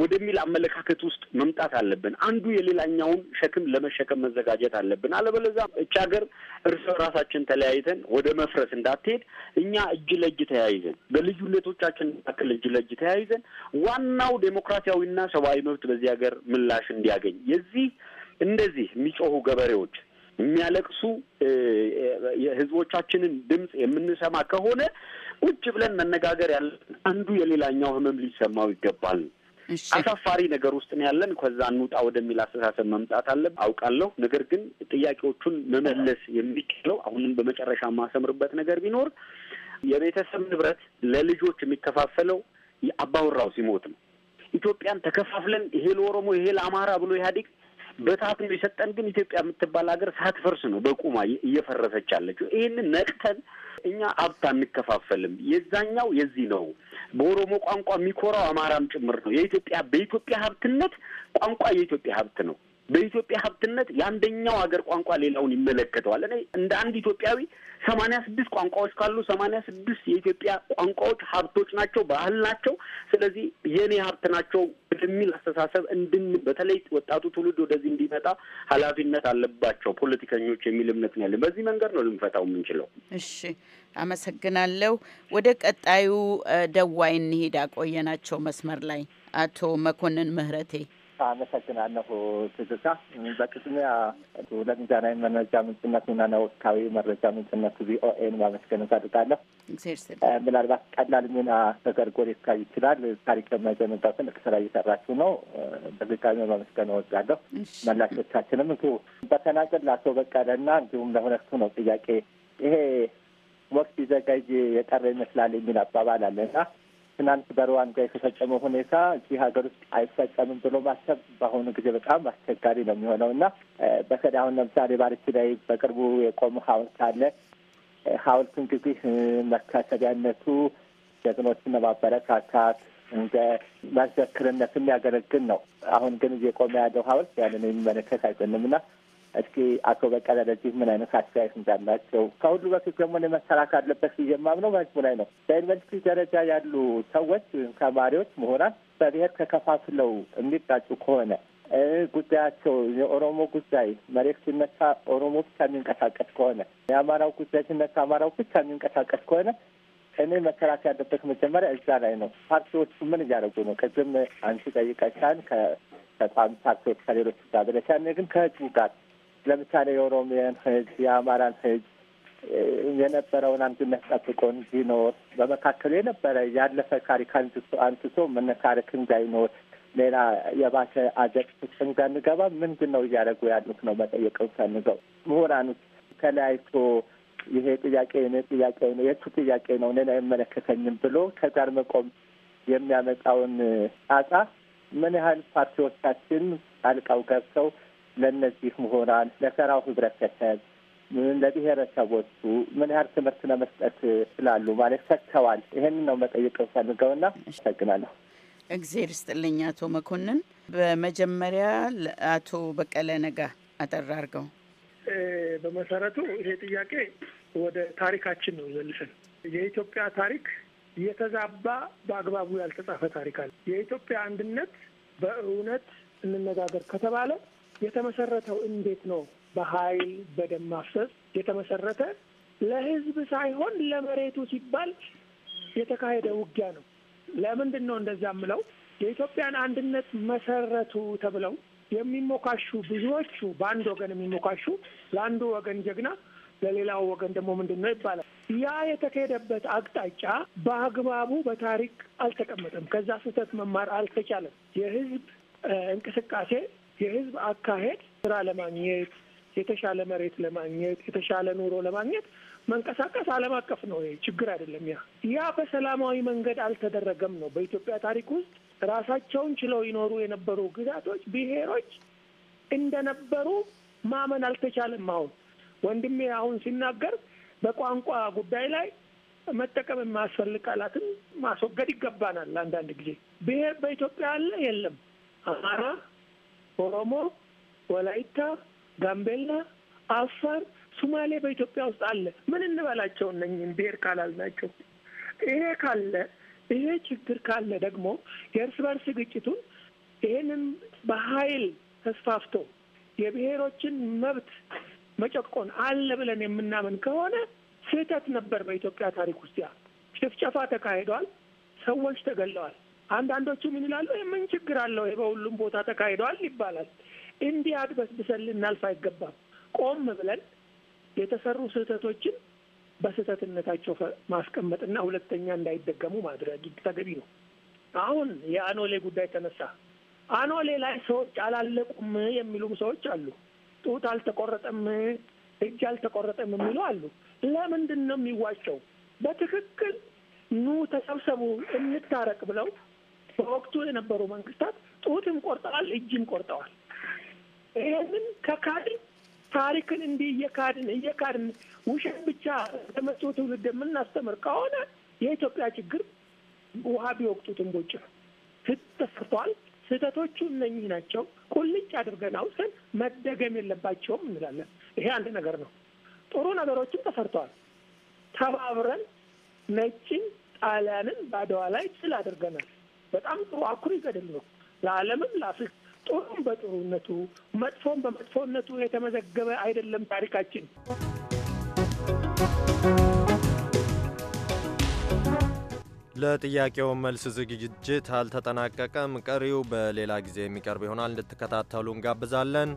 ወደሚል አመለካከት ውስጥ መምጣት አለብን። አንዱ የሌላኛውን ሸክም ለመሸከም መዘጋጀት አለብን። አለበለዚያ እች ሀገር እርስ በራሳችን ተለያይተን ወደ መፍረስ እንዳትሄድ እኛ እጅ ለእጅ ተያይዘን በልዩነቶቻችን መካከል እጅ ለእጅ ተያይዘን ዋናው ዴሞክራሲያዊና ሰብአዊ መብት በዚህ ሀገር ምላሽ እንዲያገኝ የዚህ እንደዚህ የሚጮሁ ገበሬዎች የሚያለቅሱ የህዝቦቻችንን ድምፅ የምንሰማ ከሆነ ቁጭ ብለን መነጋገር ያለን አንዱ የሌላኛው ህመም ሊሰማው ይገባል። አሳፋሪ ነገር ውስጥ ነው ያለን። ከዛ እንውጣ ወደሚል አስተሳሰብ መምጣት አለ አውቃለሁ። ነገር ግን ጥያቄዎቹን መመለስ የሚችለው አሁንም በመጨረሻ የማሰምርበት ነገር ቢኖር የቤተሰብ ንብረት ለልጆች የሚከፋፈለው የአባወራው ሲሞት ነው። ኢትዮጵያን ተከፋፍለን ይሄ ለኦሮሞ ይሄ ለአማራ ብሎ ኢህአዴግ ነው የሰጠን ግን ኢትዮጵያ የምትባል ሀገር ሳትፈርስ ነው በቁማ እየፈረሰች አለችው። ይህንን ነቅተን እኛ ሀብት አንከፋፈልም፣ የዛኛው የዚህ ነው። በኦሮሞ ቋንቋ የሚኮራው አማራም ጭምር ነው። የኢትዮጵያ በኢትዮጵያ ሀብትነት ቋንቋ የኢትዮጵያ ሀብት ነው። በኢትዮጵያ ሀብትነት የአንደኛው ሀገር ቋንቋ ሌላውን ይመለከተዋል። እኔ እንደ አንድ ኢትዮጵያዊ ሰማንያ ስድስት ቋንቋዎች ካሉ ሰማንያ ስድስት የኢትዮጵያ ቋንቋዎች ሀብቶች ናቸው፣ ባህል ናቸው። ስለዚህ የእኔ ሀብት ናቸው የሚል አስተሳሰብ እንድን በተለይ ወጣቱ ትውልድ ወደዚህ እንዲመጣ ኃላፊነት አለባቸው ፖለቲከኞች የሚል እምነት ነው ያለን። በዚህ መንገድ ነው ልንፈታው የምንችለው። እሺ፣ አመሰግናለሁ። ወደ ቀጣዩ ደዋይ እንሄድ። አቆየናቸው መስመር ላይ አቶ መኮንን ምህረቴ አመሰግናለሁ ትዝታ። በቅድሚያ ለሚዛናዊ መረጃ ምንጭነቱና ለወቅታዊ መረጃ ምንጭነቱ ቪኦኤን ማመስገን እንፈልጋለሁ። ምናልባት ቀላል ሚና ተደርጎ ሊታይ ይችላል። ታሪክ የማይዘንባው ትልቅ ስራ እየሰራችሁ ነው። በድጋሚ ማመስገን እወዳለሁ። መላሾቻችንም እንዲሁ በተናገር ለአቶ በቀለና እንዲሁም ለሁለቱ ነው ጥያቄ። ይሄ ወቅት ሲዘጋጅ የቀረ ይመስላል የሚል አባባል አለ አለና ትናንት በሩዋንዳ የተፈጸመው ሁኔታ እዚህ ሀገር ውስጥ አይፈጸምም ብሎ ማሰብ በአሁኑ ጊዜ በጣም አስቸጋሪ ነው የሚሆነው እና በተለይ አሁን ለምሳሌ ባርቺ ላይ በቅርቡ የቆሙ ሐውልት አለ። ሐውልት እንግዲህ መታሰቢያነቱ ጀግኖችን ለማበረታታት እንደ መዘክርነት የሚያገለግል ነው። አሁን ግን እየቆመ ያለው ሐውልት ያንን የሚመለከት እና እስኪ አቶ በቀለ ለዚህ ምን አይነት አስተያየት እንዳላቸው ከሁሉ በፊት ደግሞ መሰራት አለበት ሲጀማም ነው በህዝቡ ላይ ነው። በዩኒቨርሲቲ ደረጃ ያሉ ሰዎች ተማሪዎች መሆናን በብሔር ተከፋፍለው የሚጋጩ ከሆነ ጉዳያቸው የኦሮሞ ጉዳይ መሬት ሲነሳ ኦሮሞ ብቻ የሚንቀሳቀስ ከሆነ የአማራው ጉዳይ ሲነሳ አማራው ብቻ የሚንቀሳቀስ ከሆነ እኔ መከራት ያለበት መጀመሪያ እዛ ላይ ነው። ፓርቲዎቹ ምን እያደረጉ ነው? ቅድም አንቺ ጠይቀሻን ከተቋም ፓርቲዎች ከሌሎች ጋር ብለሻል። እኔ ግን ከህዝቡ ጋር ለምሳሌ የኦሮሚያን ህግ የአማራን ህግ የነበረውን አንድነት ጠብቆ እንዲኖር በመካከሉ የነበረ ያለፈ ታሪክ አንስቶ መነካረክ እንዳይኖር ሌላ የባሰ አዘቅት እንዳንገባ ምንድን ነው እያደረጉ ያሉት ነው መጠየቅ እንፈልገው። ምሁራኖች ተለያይቶ ይሄ ጥያቄ የኔ ጥያቄ ነው የቱ ጥያቄ ነው እኔን አይመለከተኝም ብሎ ከዛር መቆም የሚያመጣውን ጣጣ ምን ያህል ፓርቲዎቻችን ጣልቃው ገብተው ለእነዚህ ምሁራን፣ ለሰራው ህብረተሰብ፣ ለብሔረሰቦቹ ምን ያህል ትምህርት ለመስጠት ስላሉ ማለት ሰጥተዋል? ይህንን ነው መጠየቅ ና አመሰግናለሁ። እግዜር ስጥልኝ አቶ መኮንን። በመጀመሪያ አቶ በቀለ ነጋ አጠራርገው። በመሰረቱ ይሄ ጥያቄ ወደ ታሪካችን ነው ዘልፍን የኢትዮጵያ ታሪክ የተዛባ በአግባቡ ያልተጻፈ ታሪክ አለ። የኢትዮጵያ አንድነት በእውነት እንነጋገር ከተባለ የተመሰረተው እንዴት ነው? በኃይል በደም ማፍሰስ የተመሰረተ ለህዝብ ሳይሆን ለመሬቱ ሲባል የተካሄደ ውጊያ ነው። ለምንድን ነው እንደዛ የምለው? የኢትዮጵያን አንድነት መሰረቱ ተብለው የሚሞካሹ ብዙዎቹ በአንድ ወገን የሚሞካሹ ለአንዱ ወገን ጀግና ለሌላው ወገን ደግሞ ምንድን ነው ይባላል። ያ የተካሄደበት አቅጣጫ በአግባቡ በታሪክ አልተቀመጠም። ከዛ ስህተት መማር አልተቻለም። የህዝብ እንቅስቃሴ የህዝብ አካሄድ ስራ ለማግኘት የተሻለ መሬት ለማግኘት የተሻለ ኑሮ ለማግኘት መንቀሳቀስ ዓለም አቀፍ ነው። ይሄ ችግር አይደለም። ያ ያ በሰላማዊ መንገድ አልተደረገም ነው። በኢትዮጵያ ታሪክ ውስጥ ራሳቸውን ችለው ይኖሩ የነበሩ ግዛቶች፣ ብሔሮች እንደነበሩ ማመን አልተቻለም። አሁን ወንድሜ አሁን ሲናገር በቋንቋ ጉዳይ ላይ መጠቀም የማያስፈልግ ቃላትን ማስወገድ ይገባናል። አንዳንድ ጊዜ ብሔር በኢትዮጵያ አለ የለም አማራ ኦሮሞ፣ ወላይታ፣ ጋምቤላ፣ አፋር፣ ሱማሌ በኢትዮጵያ ውስጥ አለ። ምን እንበላቸው እነኝህን ብሔር ካላልናቸው? ይሄ ካለ ይሄ ችግር ካለ ደግሞ የእርስ በርስ ግጭቱን ይሄንን በኃይል ተስፋፍቶ የብሔሮችን መብት መጨቆን አለ ብለን የምናምን ከሆነ ስህተት ነበር። በኢትዮጵያ ታሪክ ውስጥ ያ ጭፍጨፋ ተካሂዷል። ሰዎች ተገለዋል። አንዳንዶቹ ምን ይላሉ? ምን ችግር አለው? በሁሉም ቦታ ተካሂደዋል ይባላል። እንዲህ አድበስብሰን ልናልፍ አይገባም። ቆም ብለን የተሰሩ ስህተቶችን በስህተትነታቸው ማስቀመጥና ሁለተኛ እንዳይደገሙ ማድረግ ተገቢ ነው። አሁን የአኖሌ ጉዳይ ተነሳ። አኖሌ ላይ ሰዎች አላለቁም የሚሉም ሰዎች አሉ። ጡት አልተቆረጠም፣ እጅ አልተቆረጠም የሚሉ አሉ። ለምንድን ነው የሚዋቸው? በትክክል ኑ ተሰብሰቡ እንታረቅ ብለው በወቅቱ የነበሩ መንግስታት ጡትም ቆርጠዋል፣ እጅም ቆርጠዋል። ይህንን ከካድን ታሪክን እንዲህ እየካድን እየካድን ውሸን ብቻ ለመጪው ትውልድ የምናስተምር ከሆነ የኢትዮጵያ ችግር ውሃ ቢወቅጡት ትንቦጭ ነው። ስህተት ተሰርቷል። ስህተቶቹ እነኚህ ናቸው። ቁልጭ አድርገን አውሰን መደገም የለባቸውም እንላለን። ይሄ አንድ ነገር ነው። ጥሩ ነገሮችም ተሰርተዋል። ተባብረን ነጭን ጣሊያንን በአድዋ ላይ ስል አድርገናል። በጣም ጥሩ አኩሪ ገድል ነው። ለዓለምም ለአፍሪካ ጥሩም በጥሩነቱ መጥፎም በመጥፎነቱ የተመዘገበ አይደለም ታሪካችን። ለጥያቄው መልስ ዝግጅት አልተጠናቀቀም። ቀሪው በሌላ ጊዜ የሚቀርብ ይሆናል። እንድትከታተሉ እንጋብዛለን።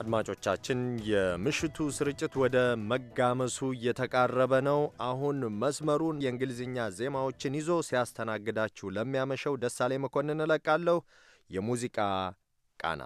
አድማጮቻችን የምሽቱ ስርጭት ወደ መጋመሱ እየተቃረበ ነው። አሁን መስመሩን የእንግሊዝኛ ዜማዎችን ይዞ ሲያስተናግዳችሁ ለሚያመሸው ደሳሌ መኮንን እለቃለሁ። የሙዚቃ ቃና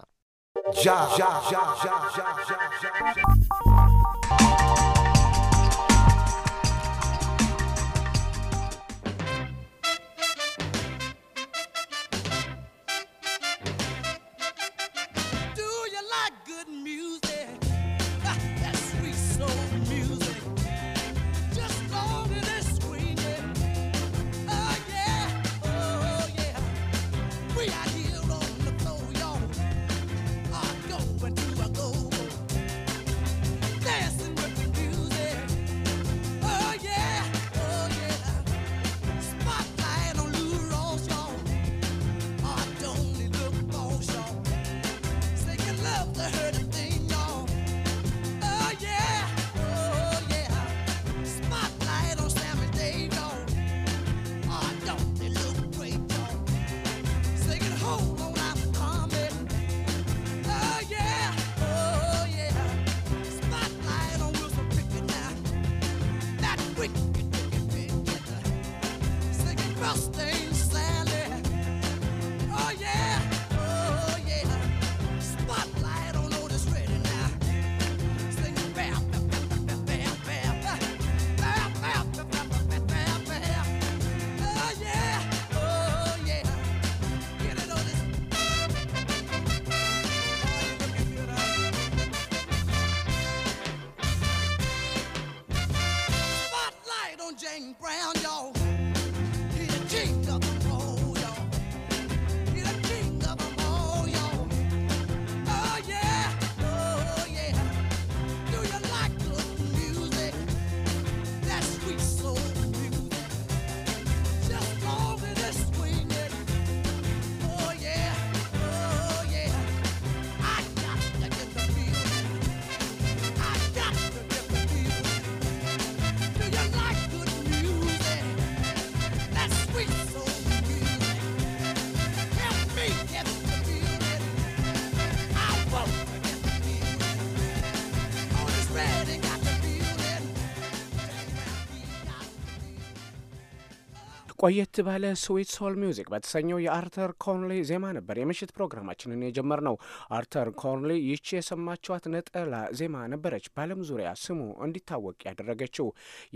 ahí ለየት ባለ ስዊት ሶል ሚውዚክ በተሰኘው የአርተር ኮንሊ ዜማ ነበር የምሽት ፕሮግራማችንን የጀመርነው። አርተር ኮንሊ ይቺ የሰማችኋት ነጠላ ዜማ ነበረች በዓለም ዙሪያ ስሙ እንዲታወቅ ያደረገችው።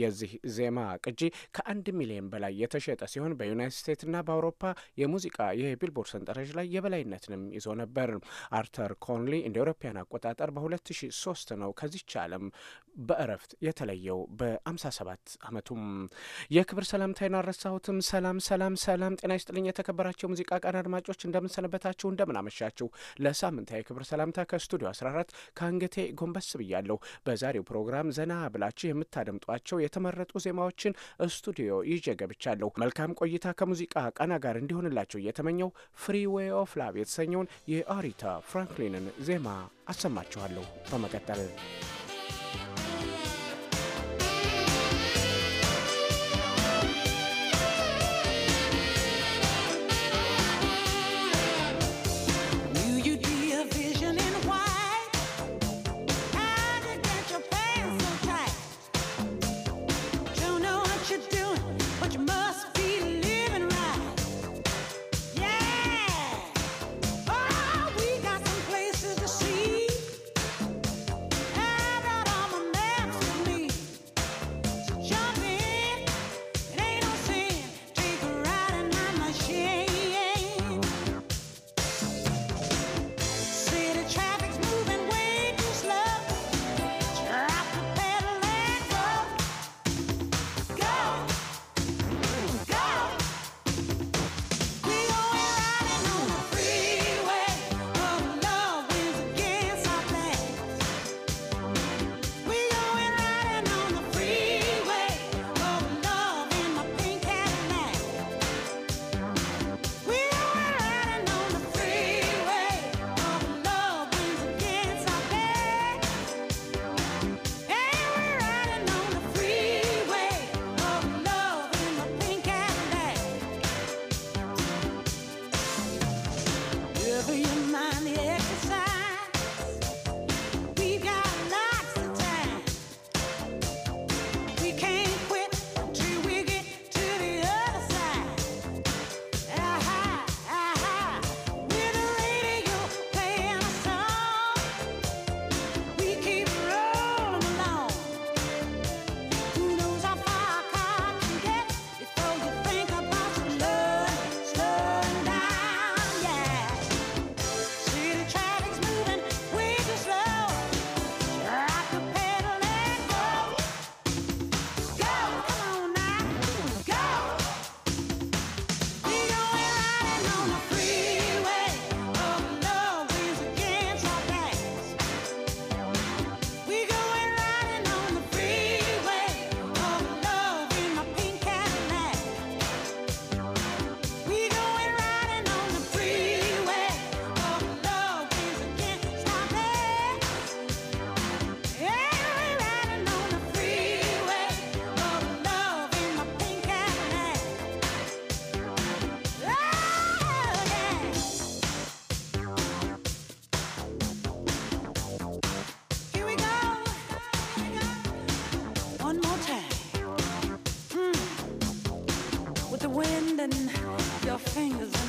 የዚህ ዜማ ቅጂ ከአንድ ሚሊዮን በላይ የተሸጠ ሲሆን በዩናይትድ ስቴትስና በአውሮፓ የሙዚቃ የቢልቦርድ ሰንጠረዥ ላይ የበላይነትንም ይዞ ነበር። አርተር ኮንሊ እንደ አውሮፓውያን አቆጣጠር በ2003 ነው ከዚች ዓለም በእረፍት የተለየው በ57 ዓመቱም የክብር ሰላምታይን አረሳሁትም ሰላም ሰላም ሰላም ሰላም፣ ጤና ይስጥልኝ የተከበራቸው ሙዚቃ ቀን አድማጮች፣ እንደምንሰነበታችሁ፣ እንደምናመሻችሁ። ለሳምንታዊ ክብር ሰላምታ ከስቱዲዮ 14 ከአንገቴ ጎንበስ ብያለሁ። በዛሬው ፕሮግራም ዘና ብላችሁ የምታደምጧቸው የተመረጡ ዜማዎችን ስቱዲዮ ይዤ ገብቻለሁ። መልካም ቆይታ ከሙዚቃ ቀና ጋር እንዲሆንላቸው እየተመኘው ፍሪ ዌይ ኦፍ ላቭ የተሰኘውን የአሪታ ፍራንክሊንን ዜማ አሰማችኋለሁ በመቀጠል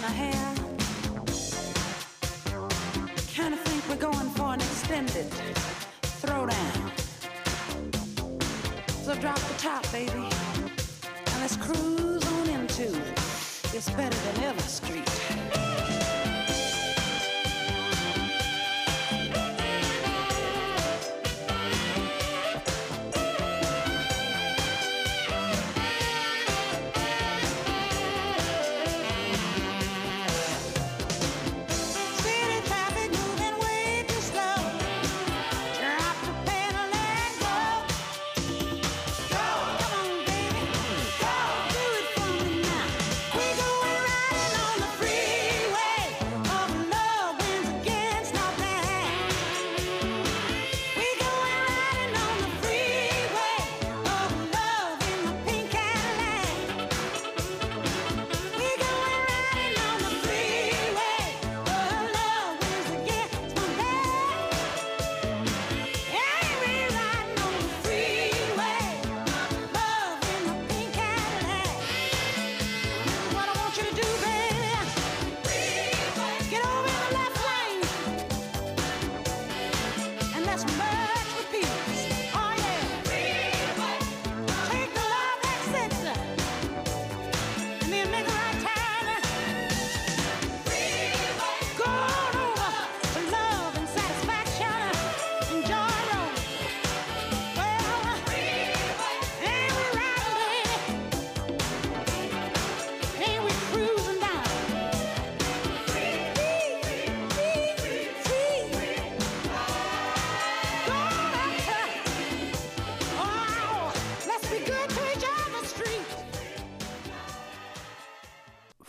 hair. Kinda think we're going for an extended throwdown. So drop the top, baby, and let's cruise on into. It's better than ever, street.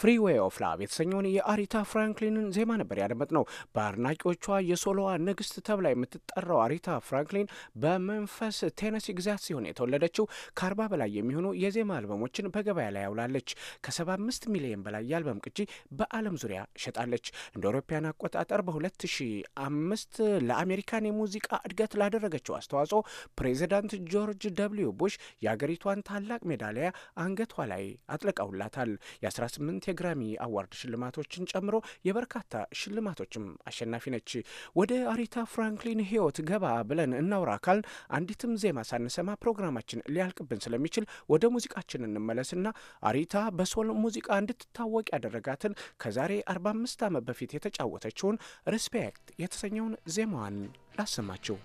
ፍሪዌይ ኦፍ ላቭ የተሰኘውን የአሪታ ፍራንክሊንን ዜማ ነበር ያደመጥ ነው። በአድናቂዎቿ የሶሎዋ ንግስት ተብላ የምትጠራው አሪታ ፍራንክሊን በመንፈስ ቴነሲ ግዛት ሲሆን የተወለደችው ከአርባ በላይ የሚሆኑ የዜማ አልበሞችን በገበያ ላይ ያውላለች። ከ75 ሚሊዮን በላይ የአልበም ቅጂ በዓለም ዙሪያ ሸጣለች። እንደ አውሮፓውያን አቆጣጠር በ2005 ለአሜሪካን የሙዚቃ እድገት ላደረገችው አስተዋጽኦ ፕሬዚዳንት ጆርጅ ደብልዩ ቡሽ የአገሪቷን ታላቅ ሜዳሊያ አንገቷ ላይ አጥለቀውላታል። የ18 የግራሚ አዋርድ ሽልማቶችን ጨምሮ የበርካታ ሽልማቶችም አሸናፊ ነች። ወደ አሪታ ፍራንክሊን ህይወት ገባ ብለን እናውራ ካልን አንዲትም ዜማ ሳንሰማ ፕሮግራማችን ሊያልቅብን ስለሚችል ወደ ሙዚቃችን እንመለስና አሪታ በሶል ሙዚቃ እንድትታወቅ ያደረጋትን ከዛሬ 45 ዓመት በፊት የተጫወተችውን ሪስፔክት የተሰኘውን ዜማዋን ላሰማችሁ።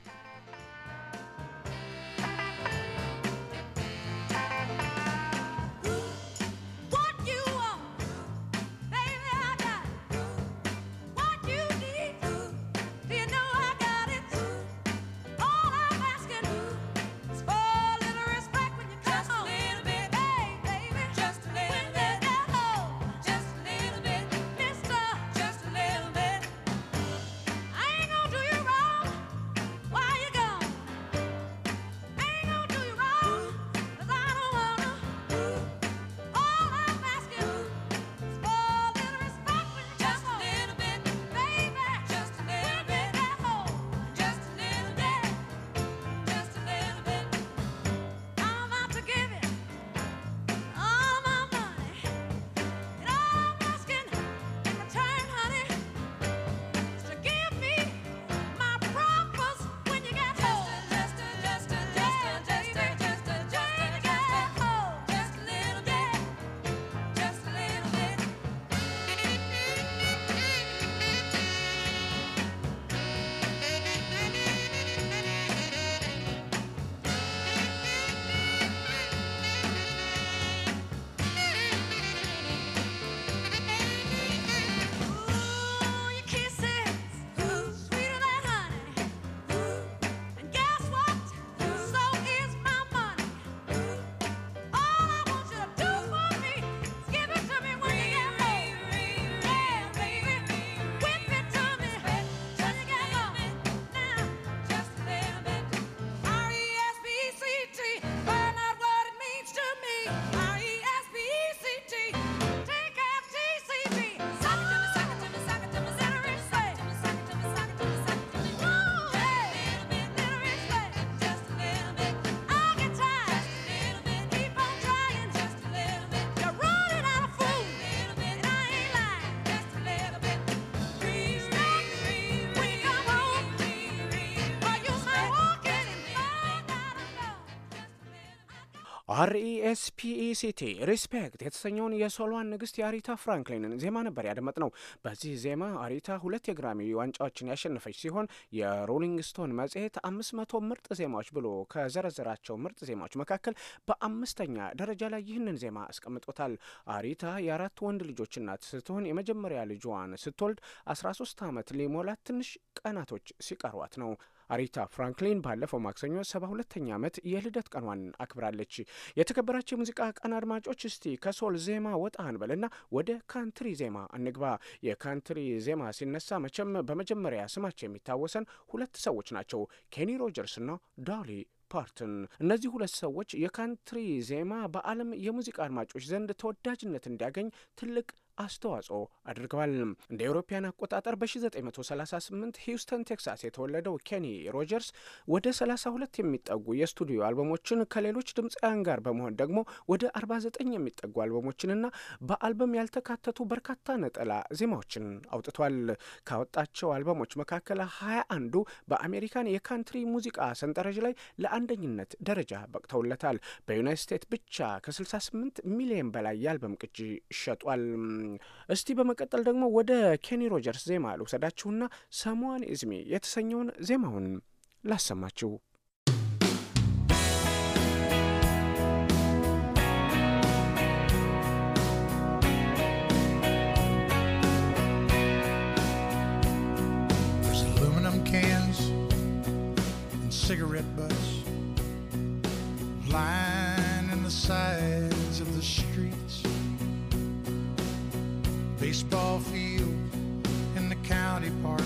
አርኢኤስፒኢሲቲ ሪስፔክት e e የተሰኘውን የሶሎዋን ንግስት የአሪታ ፍራንክሊንን ዜማ ነበር ያደመጥ ነው። በዚህ ዜማ አሪታ ሁለት የግራሚ ዋንጫዎችን ያሸነፈች ሲሆን የሮሊንግ ስቶን መጽሔት አምስት መቶ ምርጥ ዜማዎች ብሎ ከዘረዘራቸው ምርጥ ዜማዎች መካከል በአምስተኛ ደረጃ ላይ ይህንን ዜማ አስቀምጦታል። አሪታ የአራት ወንድ ልጆች እናት ስትሆን የመጀመሪያ ልጇን ስትወልድ ሶስት ዓመት ሊሞላት ትንሽ ቀናቶች ሲቀሯት ነው። አሪታ ፍራንክሊን ባለፈው ማክሰኞ ሰባ ሁለተኛ ዓመት የልደት ቀኗን አክብራለች። የተከበራቸው የሙዚቃ ቀን አድማጮች፣ እስቲ ከሶል ዜማ ወጣን በልና ወደ ካንትሪ ዜማ እንግባ። የካንትሪ ዜማ ሲነሳ መቼም በመጀመሪያ ስማቸው የሚታወሰን ሁለት ሰዎች ናቸው፣ ኬኒ ሮጀርስና ዳሊ ፓርትን። እነዚህ ሁለት ሰዎች የካንትሪ ዜማ በዓለም የሙዚቃ አድማጮች ዘንድ ተወዳጅነት እንዲያገኝ ትልቅ አስተዋጽኦ አድርገዋል። እንደ አውሮፓውያን አቆጣጠር በ1938 ሂውስተን ቴክሳስ የተወለደው ኬኒ ሮጀርስ ወደ 32 የሚጠጉ የስቱዲዮ አልበሞችን ከሌሎች ድምፃውያን ጋር በመሆን ደግሞ ወደ 49 የሚጠጉ አልበሞችንና በአልበም ያልተካተቱ በርካታ ነጠላ ዜማዎችን አውጥቷል። ካወጣቸው አልበሞች መካከል 21ዱ በአሜሪካን የካንትሪ ሙዚቃ ሰንጠረዥ ላይ ለአንደኝነት ደረጃ በቅተውለታል። በዩናይት ስቴትስ ብቻ ከ68 ሚሊዮን በላይ የአልበም ቅጂ ሸጧል። እስቲ በመቀጠል ደግሞ ወደ ኬኒ ሮጀርስ ዜማ ልውሰዳችሁና ሰሞን ኢዝ የተሰኘውን ዜማውን ላሰማችሁ። Cigarette butts, baseball field in the county park,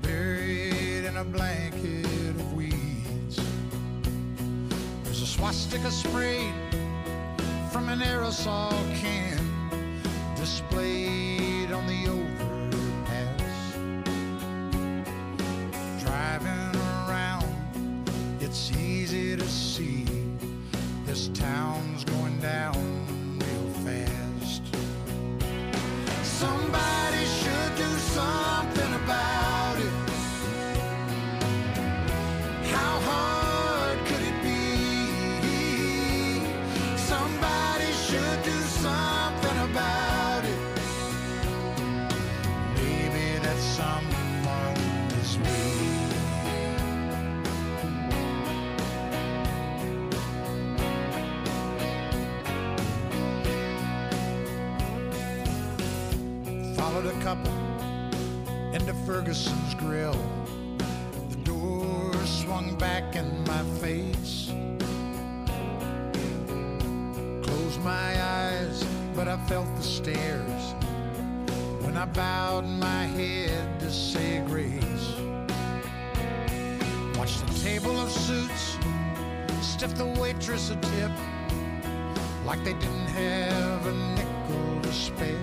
buried in a blanket of weeds. There's a swastika sprayed from an aerosol can displayed on the overpass. Driving around, it's easy to see this town's going down real fast somebody Ferguson's grill. The door swung back in my face. Closed my eyes, but I felt the stares. When I bowed my head to say grace. Watched the table of suits, stiff the waitress a tip, like they didn't have a nickel to spare.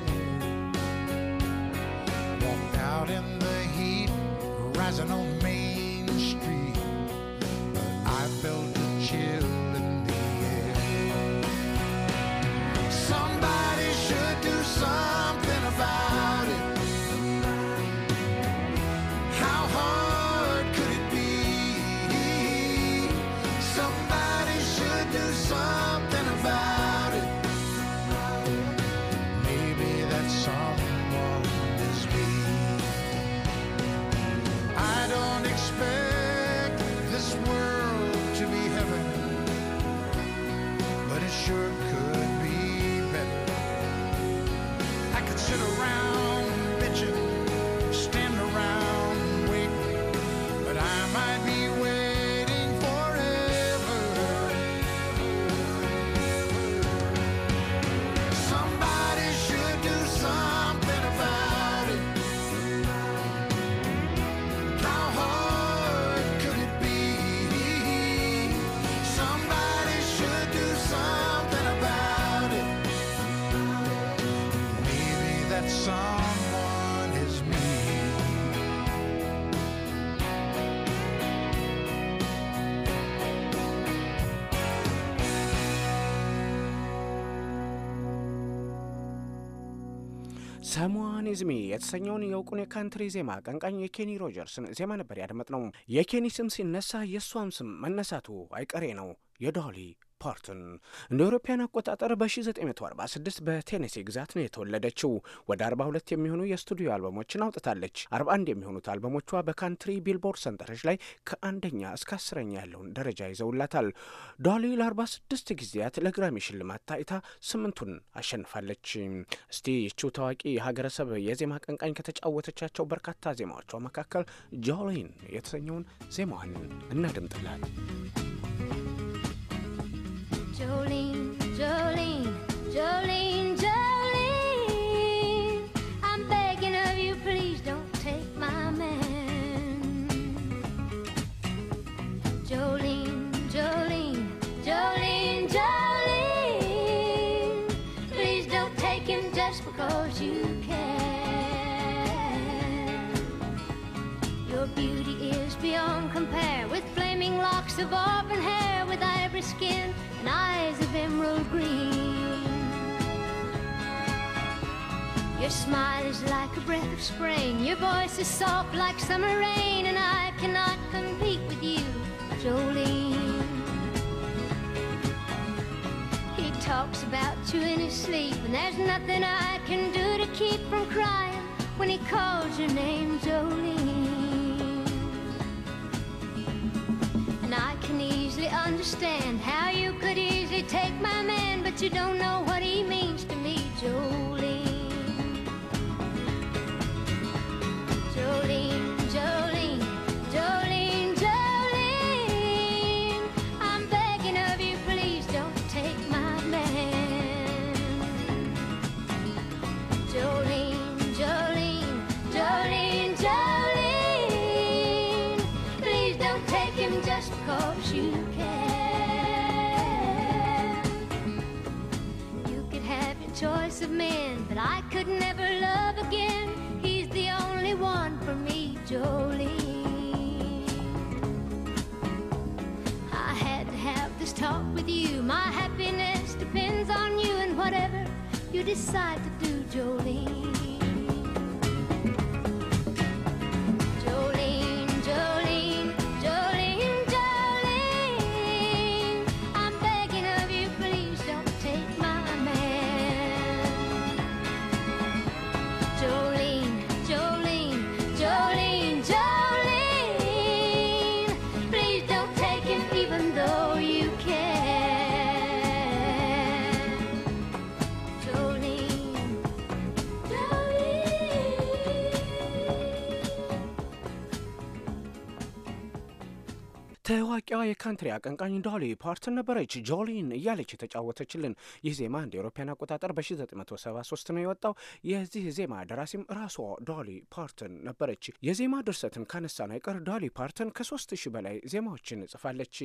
ሰሙዋን ዝሚ የተሰኘውን የውቁን የካንትሪ ዜማ አቀንቃኝ የኬኒ ሮጀርስን ዜማ ነበር ያደመጥነው። የኬኒ ስም ሲነሳ የእሷም ስም መነሳቱ አይቀሬ ነው። የዶሊ ፓርትን እንደ አውሮፓውያን አቆጣጠር በ1946 በቴኔሲ ግዛት ነው የተወለደችው። ወደ 42 የሚሆኑ የስቱዲዮ አልበሞችን አውጥታለች። 41 የሚሆኑት አልበሞቿ በካንትሪ ቢልቦርድ ሰንጠረዥ ላይ ከአንደኛ እስከ አስረኛ ያለውን ደረጃ ይዘውላታል። ዶሊ ለ46 ጊዜያት ለግራሚ ሽልማት ታይታ ስምንቱን አሸንፋለች። እስቲ ይቺው ታዋቂ የሀገረሰብ የዜማ አቀንቃኝ ከተጫወተቻቸው በርካታ ዜማዎቿ መካከል ጆሊን የተሰኘውን ዜማዋን እናድምጥላት። Jolene, Jolene, Jolene, Jolene. I'm begging of you, please don't take my man. Jolene, Jolene, Jolene, Jolene. Please don't take him just because you can. Your beauty is beyond compare with flaming locks of auburn hair with ivory skin coral green. Your smile is like a breath of spring, your voice is soft like summer rain, and I cannot compete with you, Jolene. He talks about you in his sleep, and there's nothing I can do to keep from crying when he calls your name, Jolene. easily understand how you could easily take my man, but you don't know what he means to me, Joe. man that I could never love again. He's the only one for me, Jolene. I had to have this talk with you. My happiness depends on you and whatever you decide to do, Jolene. 替我。ታዋቂዋ የካንትሪ አቀንቃኝ ዶሊ ፓርትን ነበረች ጆሊን እያለች የተጫወተችልን። ይህ ዜማ እንደ ኤሮፓያን አቆጣጠር በ1973 ነው የወጣው። የዚህ ዜማ ደራሲም ራሷ ዶሊ ፓርትን ነበረች። የዜማ ድርሰትን ካነሳን አይቀር ዶሊ ፓርትን ከሶስት ሺህ በላይ ዜማዎችን ጽፋለች።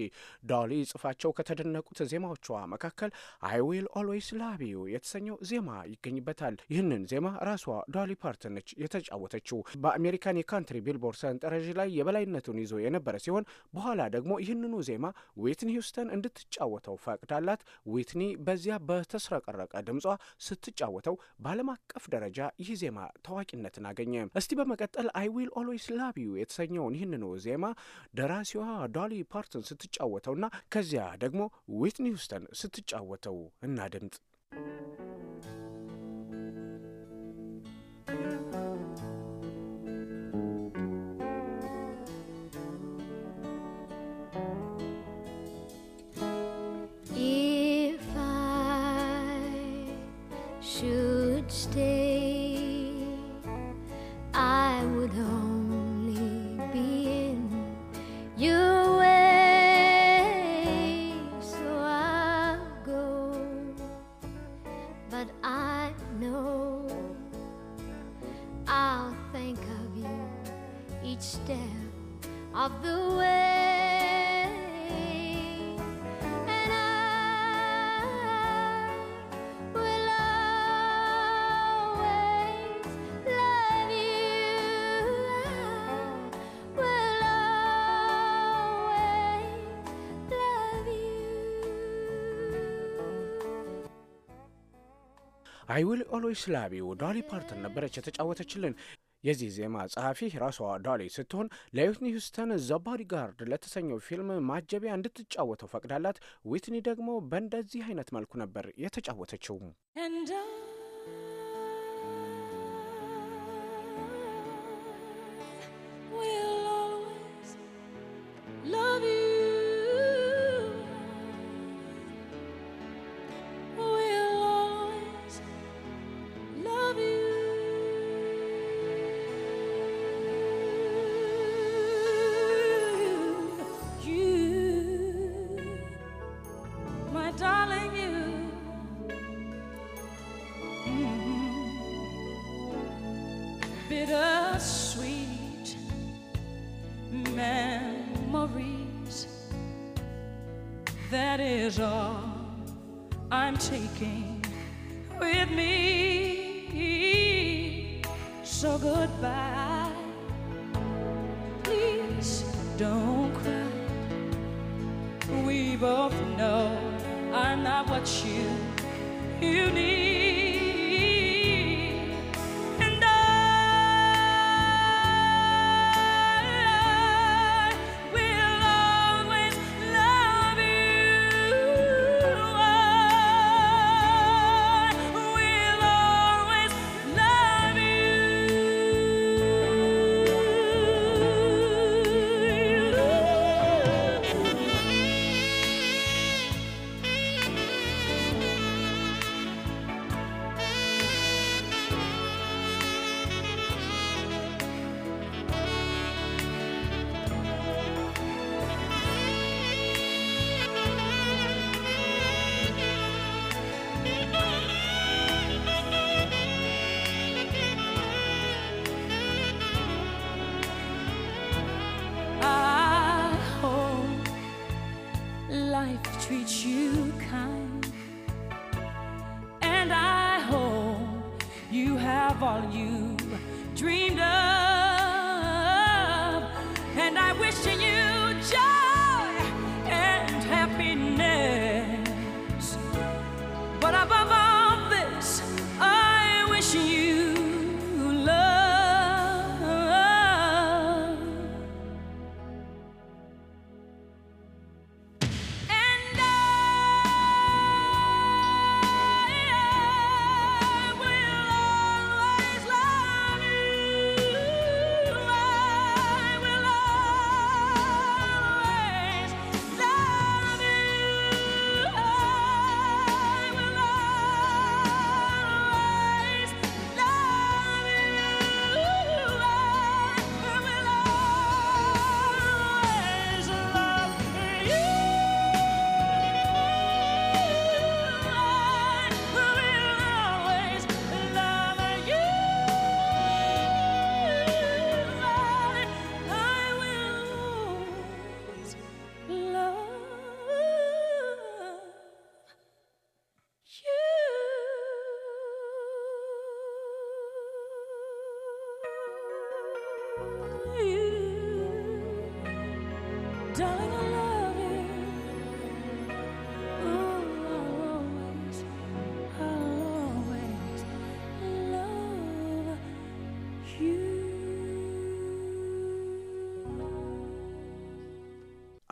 ዶሊ ጽፋቸው ከተደነቁት ዜማዎቿ መካከል አይ ዊል ኦልዌይስ ላቭ ዩ የተሰኘው ዜማ ይገኝበታል። ይህንን ዜማ ራሷ ዶሊ ፓርትን ነች የተጫወተችው። በአሜሪካን የካንትሪ ቢልቦርድ ሰንጠረዥ ላይ የበላይነቱን ይዞ የነበረ ሲሆን በኋላ ደግሞ ይህን ይህንኑ ዜማ ዊትኒ ሂውስተን እንድትጫወተው ፈቅዳላት። ዊትኒ በዚያ በተስረቀረቀ ድምጿ ስትጫወተው በዓለም አቀፍ ደረጃ ይህ ዜማ ታዋቂነትን አገኘ። እስቲ በመቀጠል አይ ዊል ኦልዌይስ ላቭ ዩ የተሰኘውን ይህንኑ ዜማ ደራሲዋ ዶሊ ፓርትን ስትጫወተውና ከዚያ ደግሞ ዊትኒ ሂውስተን ስትጫወተው እና each day I would only be in your way so I'll go but I know I'll think of you each step of the way አይ ዊል ኦልዌይስ ላቭ ዩ ዶሊ ፓርተን ነበረች የተጫወተችልን። የዚህ ዜማ ጸሐፊ ራሷ ዶሊ ስትሆን ለዊትኒ ሁስተን ዘ ጋርድ ለተሰኘው ፊልም ማጀቢያ እንድትጫወተው ፈቅዳላት። ዊትኒ ደግሞ በእንደዚህ አይነት መልኩ ነበር የተጫወተችው። Love you.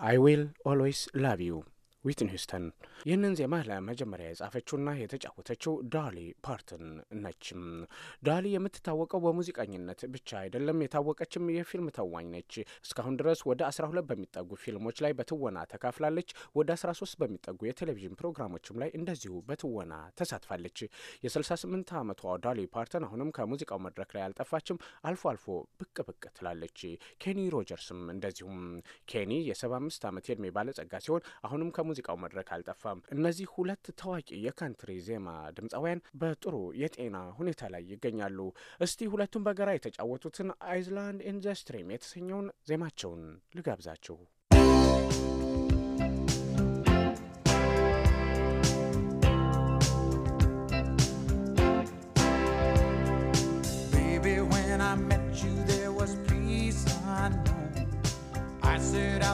I will always love you. ዊትን ሂውስተን ይህንን ዜማ ለመጀመሪያ የጻፈችውና የተጫወተችው ዳሊ ፓርትን ነች። ዳሊ የምትታወቀው በሙዚቀኝነት ብቻ አይደለም፣ የታወቀችም የፊልም ተዋኝ ነች። እስካሁን ድረስ ወደ 12 በሚጠጉ ፊልሞች ላይ በትወና ተካፍላለች። ወደ 13 በሚጠጉ የቴሌቪዥን ፕሮግራሞችም ላይ እንደዚሁ በትወና ተሳትፋለች። የ68 ዓመቷ ዳሊ ፓርተን አሁንም ከሙዚቃው መድረክ ላይ አልጠፋችም። አልፎ አልፎ ብቅ ብቅ ትላለች። ኬኒ ሮጀርስም እንደዚሁም። ኬኒ የ75 ዓመት የዕድሜ ባለጸጋ ሲሆን አሁንም ከሙ ከሙዚቃው መድረክ አልጠፋም። እነዚህ ሁለት ታዋቂ የካንትሪ ዜማ ድምፃውያን በጥሩ የጤና ሁኔታ ላይ ይገኛሉ። እስቲ ሁለቱም በጋራ የተጫወቱትን አይዝላንድ ኢንዘስትሪም የተሰኘውን ዜማቸውን ልጋብዛችሁ። Baby, I met you, there was peace I I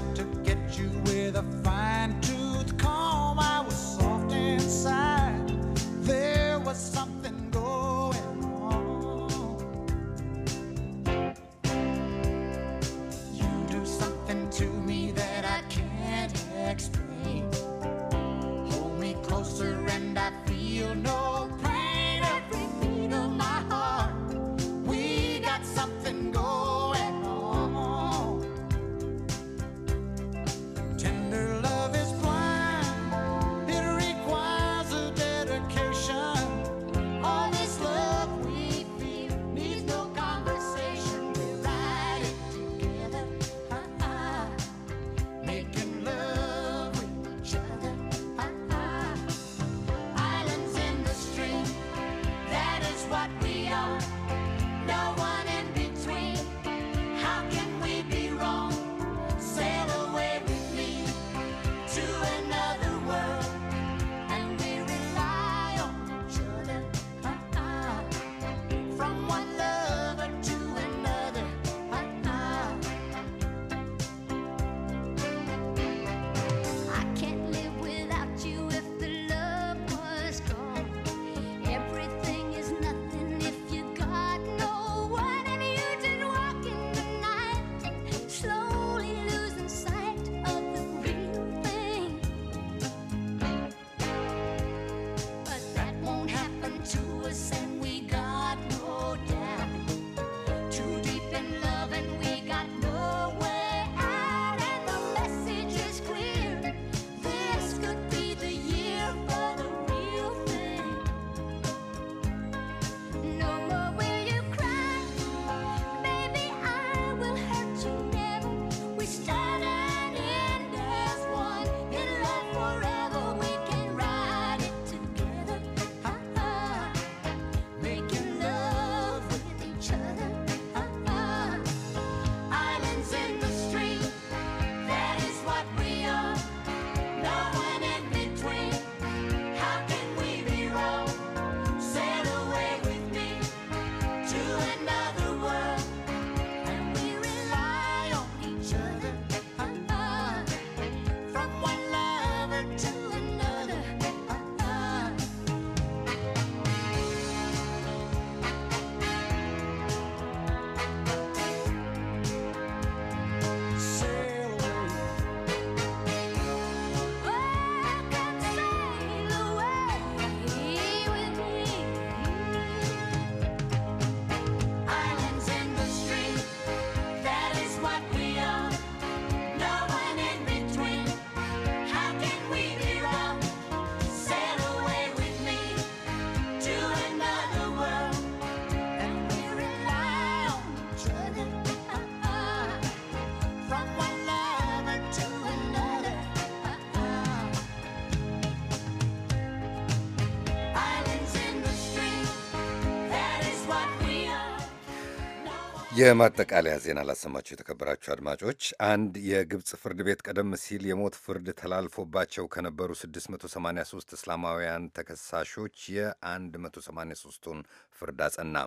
የማጠቃለያ ዜና ላሰማችሁ የተከበራችሁ አድማጮች። አንድ የግብፅ ፍርድ ቤት ቀደም ሲል የሞት ፍርድ ተላልፎባቸው ከነበሩ 683 እስላማውያን ተከሳሾች የ183ቱን ፍርድ አጸና።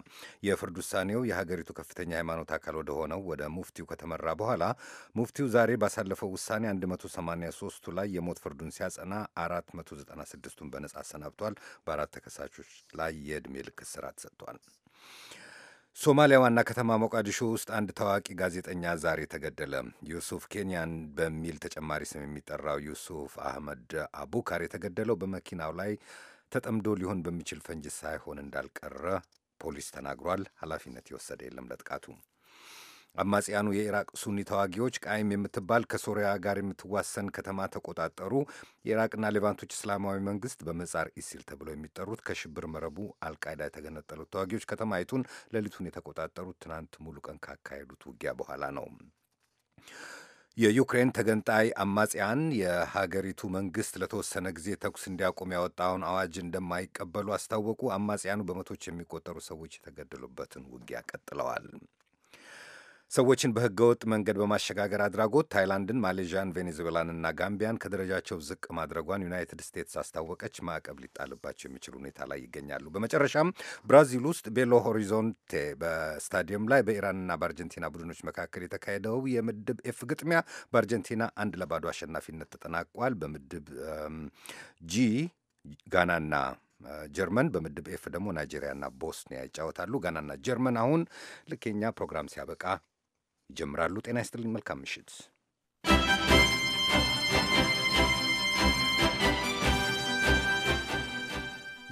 የፍርድ ውሳኔው የሀገሪቱ ከፍተኛ ሃይማኖት አካል ወደ ሆነው ወደ ሙፍቲው ከተመራ በኋላ ሙፍቲው ዛሬ ባሳለፈው ውሳኔ 183ቱ ላይ የሞት ፍርዱን ሲያጸና 496ቱን በነጻ አሰናብቷል። በአራት ተከሳሾች ላይ የዕድሜ ልክ እስራት ሰጥቷል። ሶማሊያ ዋና ከተማ ሞቃዲሾ ውስጥ አንድ ታዋቂ ጋዜጠኛ ዛሬ ተገደለ። ዩሱፍ ኬንያን በሚል ተጨማሪ ስም የሚጠራው ዩሱፍ አህመድ አቡካር የተገደለው በመኪናው ላይ ተጠምዶ ሊሆን በሚችል ፈንጂ ሳይሆን እንዳልቀረ ፖሊስ ተናግሯል። ኃላፊነት የወሰደ የለም ለጥቃቱ። አማጽያኑ የኢራቅ ሱኒ ተዋጊዎች ቃይም የምትባል ከሶሪያ ጋር የምትዋሰን ከተማ ተቆጣጠሩ። የኢራቅና ሌቫንቶች እስላማዊ መንግስት በመጻር ኢሲል ተብለው የሚጠሩት ከሽብር መረቡ አልቃይዳ የተገነጠሉት ተዋጊዎች ከተማይቱን ሌሊቱን የተቆጣጠሩት ትናንት ሙሉ ቀን ካካሄዱት ውጊያ በኋላ ነው። የዩክሬን ተገንጣይ አማጽያን የሀገሪቱ መንግስት ለተወሰነ ጊዜ ተኩስ እንዲያቆም ያወጣውን አዋጅ እንደማይቀበሉ አስታወቁ። አማጽያኑ በመቶች የሚቆጠሩ ሰዎች የተገደሉበትን ውጊያ ቀጥለዋል። ሰዎችን በህገወጥ መንገድ በማሸጋገር አድራጎት ታይላንድን፣ ማሌዥያን፣ ቬኔዙዌላንና ጋምቢያን ከደረጃቸው ዝቅ ማድረጓን ዩናይትድ ስቴትስ አስታወቀች። ማዕቀብ ሊጣልባቸው የሚችል ሁኔታ ላይ ይገኛሉ። በመጨረሻም ብራዚል ውስጥ ቤሎ ሆሪዞንቴ በስታዲየም ላይ በኢራንና በአርጀንቲና ቡድኖች መካከል የተካሄደው የምድብ ኤፍ ግጥሚያ በአርጀንቲና አንድ ለባዶ አሸናፊነት ተጠናቋል። በምድብ ጂ ጋናና ጀርመን በምድብ ኤፍ ደግሞ ናይጄሪያና ቦስኒያ ይጫወታሉ። ጋናና ጀርመን አሁን ልክ የኛ ፕሮግራም ሲያበቃ ይጀምራሉ። ጤና ይስጥልኝ። መልካም ምሽት።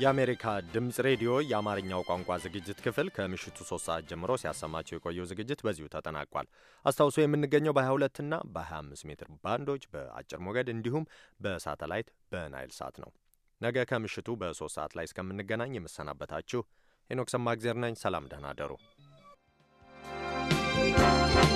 የአሜሪካ ድምፅ ሬዲዮ የአማርኛው ቋንቋ ዝግጅት ክፍል ከምሽቱ 3 ሰዓት ጀምሮ ሲያሰማቸው የቆየው ዝግጅት በዚሁ ተጠናቋል። አስታውሶ የምንገኘው በ22 እና በ25 ሜትር ባንዶች በአጭር ሞገድ እንዲሁም በሳተላይት በናይል ሳት ነው። ነገ ከምሽቱ በ3 ሰዓት ላይ እስከምንገናኝ የምሰናበታችሁ ሄኖክ ሰማግዜር ነኝ። ሰላም፣ ደህና ደሩ።